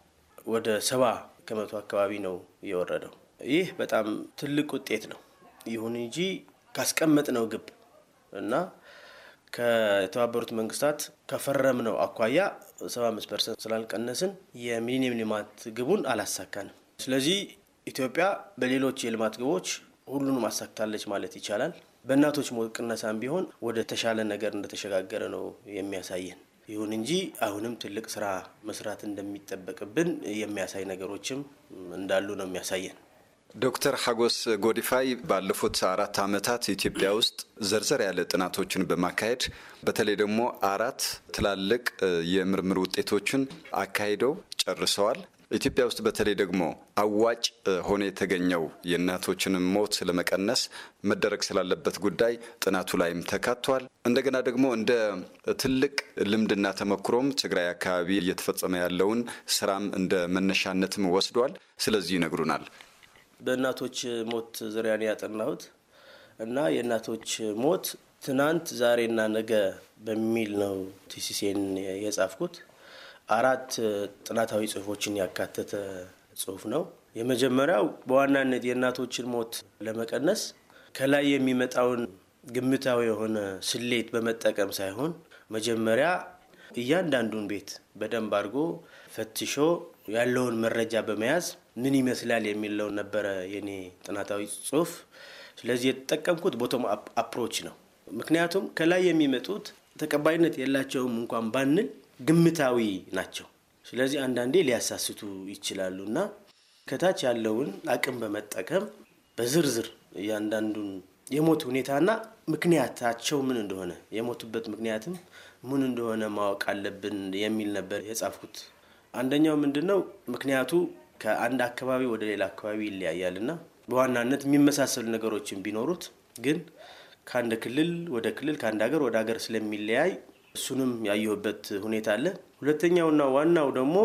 ወደ 70 ከመቶ አካባቢ ነው የወረደው። ይህ በጣም ትልቅ ውጤት ነው። ይሁን እንጂ ካስቀመጥ ነው ግብ እና ከተባበሩት መንግስታት ከፈረም ነው አኳያ 75 ፐርሰንት ስላልቀነስን የሚሊኒየም ልማት ግቡን አላሳካንም። ስለዚህ ኢትዮጵያ በሌሎች የልማት ግቦች ሁሉንም አሳክታለች ማለት ይቻላል። በእናቶች ሞት ቅነሳም ቢሆን ወደ ተሻለ ነገር እንደተሸጋገረ ነው የሚያሳየን። ይሁን እንጂ አሁንም ትልቅ ስራ መስራት እንደሚጠበቅብን የሚያሳይ ነገሮችም እንዳሉ ነው የሚያሳየን። ዶክተር ሐጎስ ጎዲፋይ ባለፉት አራት ዓመታት ኢትዮጵያ ውስጥ ዘርዘር ያለ ጥናቶችን በማካሄድ በተለይ ደግሞ አራት ትላልቅ የምርምር ውጤቶችን አካሂደው ጨርሰዋል። ኢትዮጵያ ውስጥ በተለይ ደግሞ አዋጭ ሆነ የተገኘው የእናቶችንም ሞት ለመቀነስ መደረግ ስላለበት ጉዳይ ጥናቱ ላይም ተካቷል። እንደገና ደግሞ እንደ ትልቅ ልምድና ተመክሮም ትግራይ አካባቢ እየተፈጸመ ያለውን ስራም እንደ መነሻነትም ወስዷል። ስለዚህ ይነግሩናል። በእናቶች ሞት ዙሪያ ነው ያጠናሁት እና የእናቶች ሞት ትናንት ዛሬና ነገ በሚል ነው ቲሲሴን የጻፍኩት። አራት ጥናታዊ ጽሁፎችን ያካተተ ጽሁፍ ነው። የመጀመሪያው በዋናነት የእናቶችን ሞት ለመቀነስ ከላይ የሚመጣውን ግምታዊ የሆነ ስሌት በመጠቀም ሳይሆን መጀመሪያ እያንዳንዱን ቤት በደንብ አድርጎ ፈትሾ ያለውን መረጃ በመያዝ ምን ይመስላል የሚለውን ነበረ የኔ ጥናታዊ ጽሁፍ። ስለዚህ የተጠቀምኩት ቦቶም አፕሮች ነው። ምክንያቱም ከላይ የሚመጡት ተቀባይነት የላቸውም እንኳን ባንል ግምታዊ ናቸው። ስለዚህ አንዳንዴ ሊያሳስቱ ይችላሉ እና ከታች ያለውን አቅም በመጠቀም በዝርዝር እያንዳንዱን የሞት ሁኔታና ምክንያታቸው ምን እንደሆነ የሞቱበት ምክንያትም ምን እንደሆነ ማወቅ አለብን የሚል ነበር የጻፍኩት። አንደኛው ምንድን ነው ምክንያቱ ከአንድ አካባቢ ወደ ሌላ አካባቢ ይለያያል በዋናነት የሚመሳሰሉ ነገሮችን ቢኖሩት ግን ከአንድ ክልል ወደ ክልል ከአንድ ሀገር ወደ ሀገር ስለሚለያይ እሱንም ያየሁበት ሁኔታ አለ። ሁለተኛውና ዋናው ደግሞ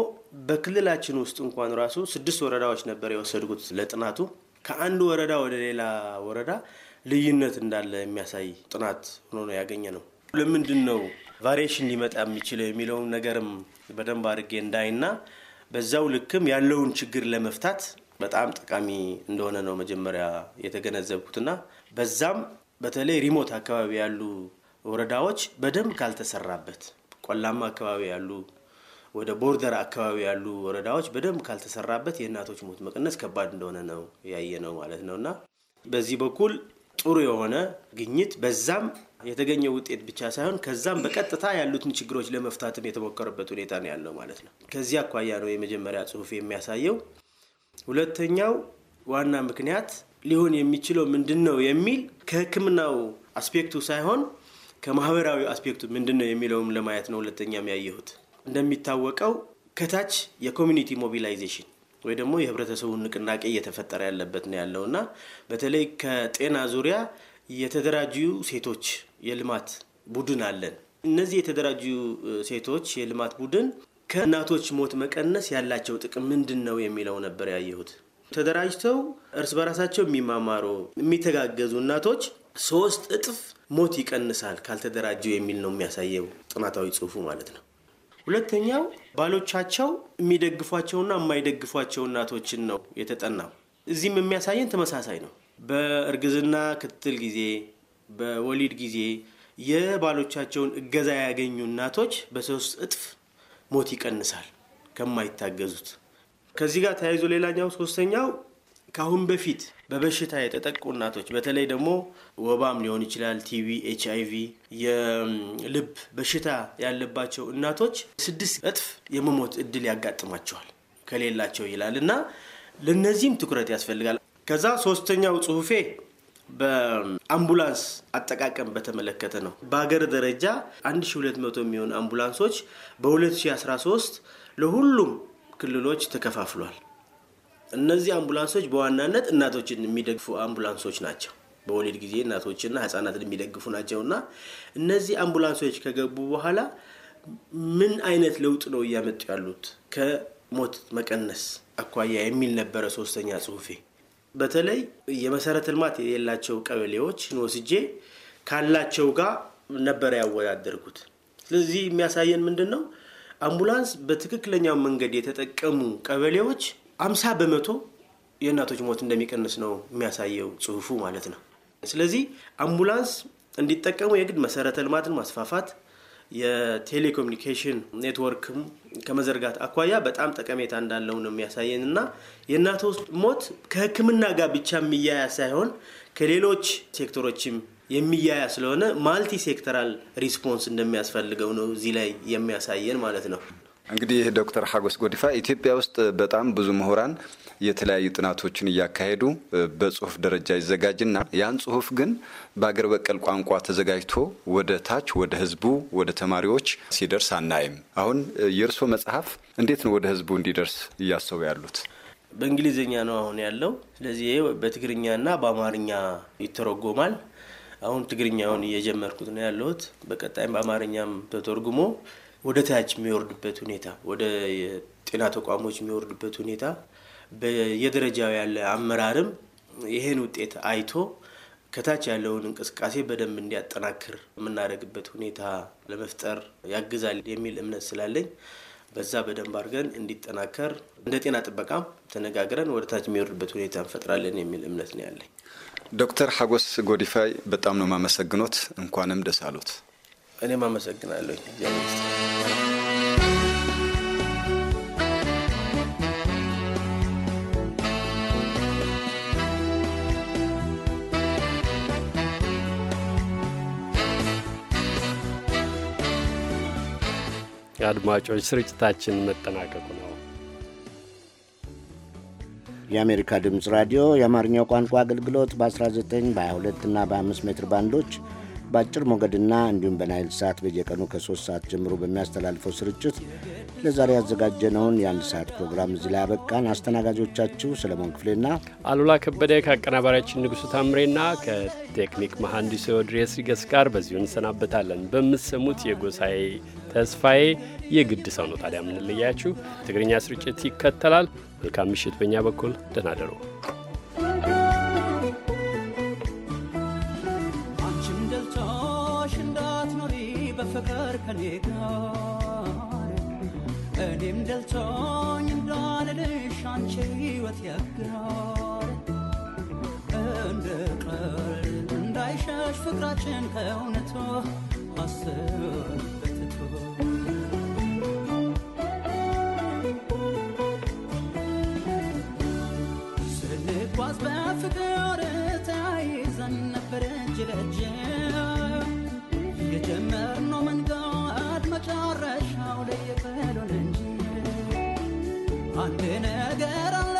በክልላችን ውስጥ እንኳን ራሱ ስድስት ወረዳዎች ነበር የወሰድኩት ለጥናቱ ከአንድ ወረዳ ወደ ሌላ ወረዳ ልዩነት እንዳለ የሚያሳይ ጥናት ሆኖ ነው ያገኘ ነው። ለምንድን ነው ቫሪሽን ሊመጣ የሚችለው የሚለውም ነገርም በደንብ አድርጌ እንዳይና በዛው ልክም ያለውን ችግር ለመፍታት በጣም ጠቃሚ እንደሆነ ነው መጀመሪያ የተገነዘብኩትና በዛም በተለይ ሪሞት አካባቢ ያሉ ወረዳዎች በደንብ ካልተሰራበት ቆላማ አካባቢ ያሉ ወደ ቦርደር አካባቢ ያሉ ወረዳዎች በደንብ ካልተሰራበት የእናቶች ሞት መቀነስ ከባድ እንደሆነ ነው ያየ ነው ማለት ነው እና በዚህ በኩል ጥሩ የሆነ ግኝት በዛም የተገኘ ውጤት ብቻ ሳይሆን ከዛም በቀጥታ ያሉትን ችግሮች ለመፍታትም የተሞከረበት ሁኔታ ነው ያለው ማለት ነው። ከዚህ አኳያ ነው የመጀመሪያ ጽሁፍ የሚያሳየው። ሁለተኛው ዋና ምክንያት ሊሆን የሚችለው ምንድን ነው የሚል ከህክምናው አስፔክቱ ሳይሆን ከማህበራዊ አስፔክቱ ምንድን ነው የሚለውም ለማየት ነው። ሁለተኛም ያየሁት እንደሚታወቀው ከታች የኮሚኒቲ ሞቢላይዜሽን ወይ ደግሞ የህብረተሰቡን ንቅናቄ እየተፈጠረ ያለበት ነው ያለው እና በተለይ ከጤና ዙሪያ የተደራጁ ሴቶች የልማት ቡድን አለን። እነዚህ የተደራጁ ሴቶች የልማት ቡድን ከእናቶች ሞት መቀነስ ያላቸው ጥቅም ምንድን ነው የሚለው ነበር ያየሁት። ተደራጅተው እርስ በራሳቸው የሚማማሩ የሚተጋገዙ እናቶች ሶስት እጥፍ ሞት ይቀንሳል ካልተደራጀው የሚል ነው የሚያሳየው ጥናታዊ ጽሁፉ ማለት ነው። ሁለተኛው ባሎቻቸው የሚደግፏቸውና የማይደግፏቸው እናቶችን ነው የተጠናው። እዚህም የሚያሳየን ተመሳሳይ ነው። በእርግዝና ክትትል ጊዜ፣ በወሊድ ጊዜ የባሎቻቸውን እገዛ ያገኙ እናቶች በሶስት እጥፍ ሞት ይቀንሳል ከማይታገዙት። ከዚህ ጋር ተያይዞ ሌላኛው ሶስተኛው ከአሁን በፊት በበሽታ የተጠቁ እናቶች በተለይ ደግሞ ወባም ሊሆን ይችላል፣ ቲቪ፣ ኤች አይቪ፣ የልብ በሽታ ያለባቸው እናቶች ስድስት እጥፍ የመሞት እድል ያጋጥማቸዋል ከሌላቸው ይላል እና ለነዚህም ትኩረት ያስፈልጋል። ከዛ ሶስተኛው ጽሁፌ በአምቡላንስ አጠቃቀም በተመለከተ ነው። በሀገር ደረጃ 1200 የሚሆን አምቡላንሶች በ2013 ለሁሉም ክልሎች ተከፋፍሏል። እነዚህ አምቡላንሶች በዋናነት እናቶችን የሚደግፉ አምቡላንሶች ናቸው። በወሊድ ጊዜ እናቶችና ህጻናትን የሚደግፉ ናቸው እና እነዚህ አምቡላንሶች ከገቡ በኋላ ምን አይነት ለውጥ ነው እያመጡ ያሉት ከሞት መቀነስ አኳያ የሚል ነበረ ሶስተኛ ጽሁፌ። በተለይ የመሰረተ ልማት የሌላቸው ቀበሌዎችን ወስጄ ካላቸው ጋር ነበረ ያወዳደርኩት። ስለዚህ የሚያሳየን ምንድን ነው አምቡላንስ በትክክለኛው መንገድ የተጠቀሙ ቀበሌዎች አምሳ በመቶ የእናቶች ሞት እንደሚቀንስ ነው የሚያሳየው ጽሁፉ ማለት ነው። ስለዚህ አምቡላንስ እንዲጠቀሙ የግድ መሰረተ ልማትን ማስፋፋት የቴሌኮሙኒኬሽን ኔትወርክም ከመዘርጋት አኳያ በጣም ጠቀሜታ እንዳለው ነው የሚያሳየን እና የእናቶች ሞት ከሕክምና ጋር ብቻ የሚያያ ሳይሆን ከሌሎች ሴክተሮችም የሚያያ ስለሆነ ማልቲ ሴክተራል ሪስፖንስ እንደሚያስፈልገው ነው እዚህ ላይ የሚያሳየን ማለት ነው። እንግዲህ ዶክተር ሀጎስ ጎዲፋ ኢትዮጵያ ውስጥ በጣም ብዙ ምሁራን የተለያዩ ጥናቶችን እያካሄዱ በጽሁፍ ደረጃ ይዘጋጅና ያን ጽሁፍ ግን በአገር በቀል ቋንቋ ተዘጋጅቶ ወደ ታች ወደ ህዝቡ ወደ ተማሪዎች ሲደርስ አናይም። አሁን የእርስዎ መጽሐፍ እንዴት ነው ወደ ህዝቡ እንዲደርስ እያሰቡ ያሉት? በእንግሊዝኛ ነው አሁን ያለው። ስለዚህ በትግርኛና በአማርኛ ይተረጎማል። አሁን ትግርኛውን እየጀመርኩት ነው ያለሁት። በቀጣይም በአማርኛም ተተርጉሞ ወደ ታች የሚወርድበት ሁኔታ ወደ ጤና ተቋሞች የሚወርድበት ሁኔታ በየደረጃው ያለ አመራርም ይህን ውጤት አይቶ ከታች ያለውን እንቅስቃሴ በደንብ እንዲያጠናክር የምናደርግበት ሁኔታ ለመፍጠር ያግዛል የሚል እምነት ስላለኝ በዛ በደንብ አድርገን እንዲጠናከር እንደ ጤና ጥበቃ ተነጋግረን ወደ ታች የሚወርድበት ሁኔታ እንፈጥራለን የሚል እምነት ነው ያለኝ። ዶክተር ሀጎስ ጎዲፋይ በጣም ነው ማመሰግኖት። እንኳንም ደስ አሉት። እኔም አመሰግናለሁ። አድማጮች ስርጭታችን መጠናቀቁ ነው። የአሜሪካ ድምፅ ራዲዮ የአማርኛው ቋንቋ አገልግሎት በ19 በ22 እና በ5 ሜትር ባንዶች በአጭር ሞገድና እንዲሁም በናይል ሰዓት በየቀኑ ከሶስት ሰዓት ጀምሮ በሚያስተላልፈው ስርጭት ለዛሬ ያዘጋጀነውን የአንድ ሰዓት ፕሮግራም እዚህ ላይ አበቃን አስተናጋጆቻችሁ ሰለሞን ክፍሌና አሉላ ከበደ ከአቀናባሪያችን ንጉሱ ታምሬና ከቴክኒክ መሐንዲሱ ድሬስ ሪገስ ጋር በዚሁ እንሰናበታለን። በምትሰሙት የጎሳዬ ተስፋዬ የግድ ሰው ነው ታዲያ የምንለያችሁ። ትግርኛ ስርጭት ይከተላል። መልካም ምሽት። በእኛ በኩል ደህና ደሩ። ጋር እኔም ደልቶኝ እንዳልልሽ አንቺ ሕይወት ያጋር እንደ ቀልድ እንዳይሸሽ ፍቅራችን ከእውነቱ አስብ ጓዝ በፍቅር ተያይዘን ነበር እጅ ለእጅ የጀመርነው መንገድ መጨረሻው ለየቀሉን እንጂ አንድ ነገር አለ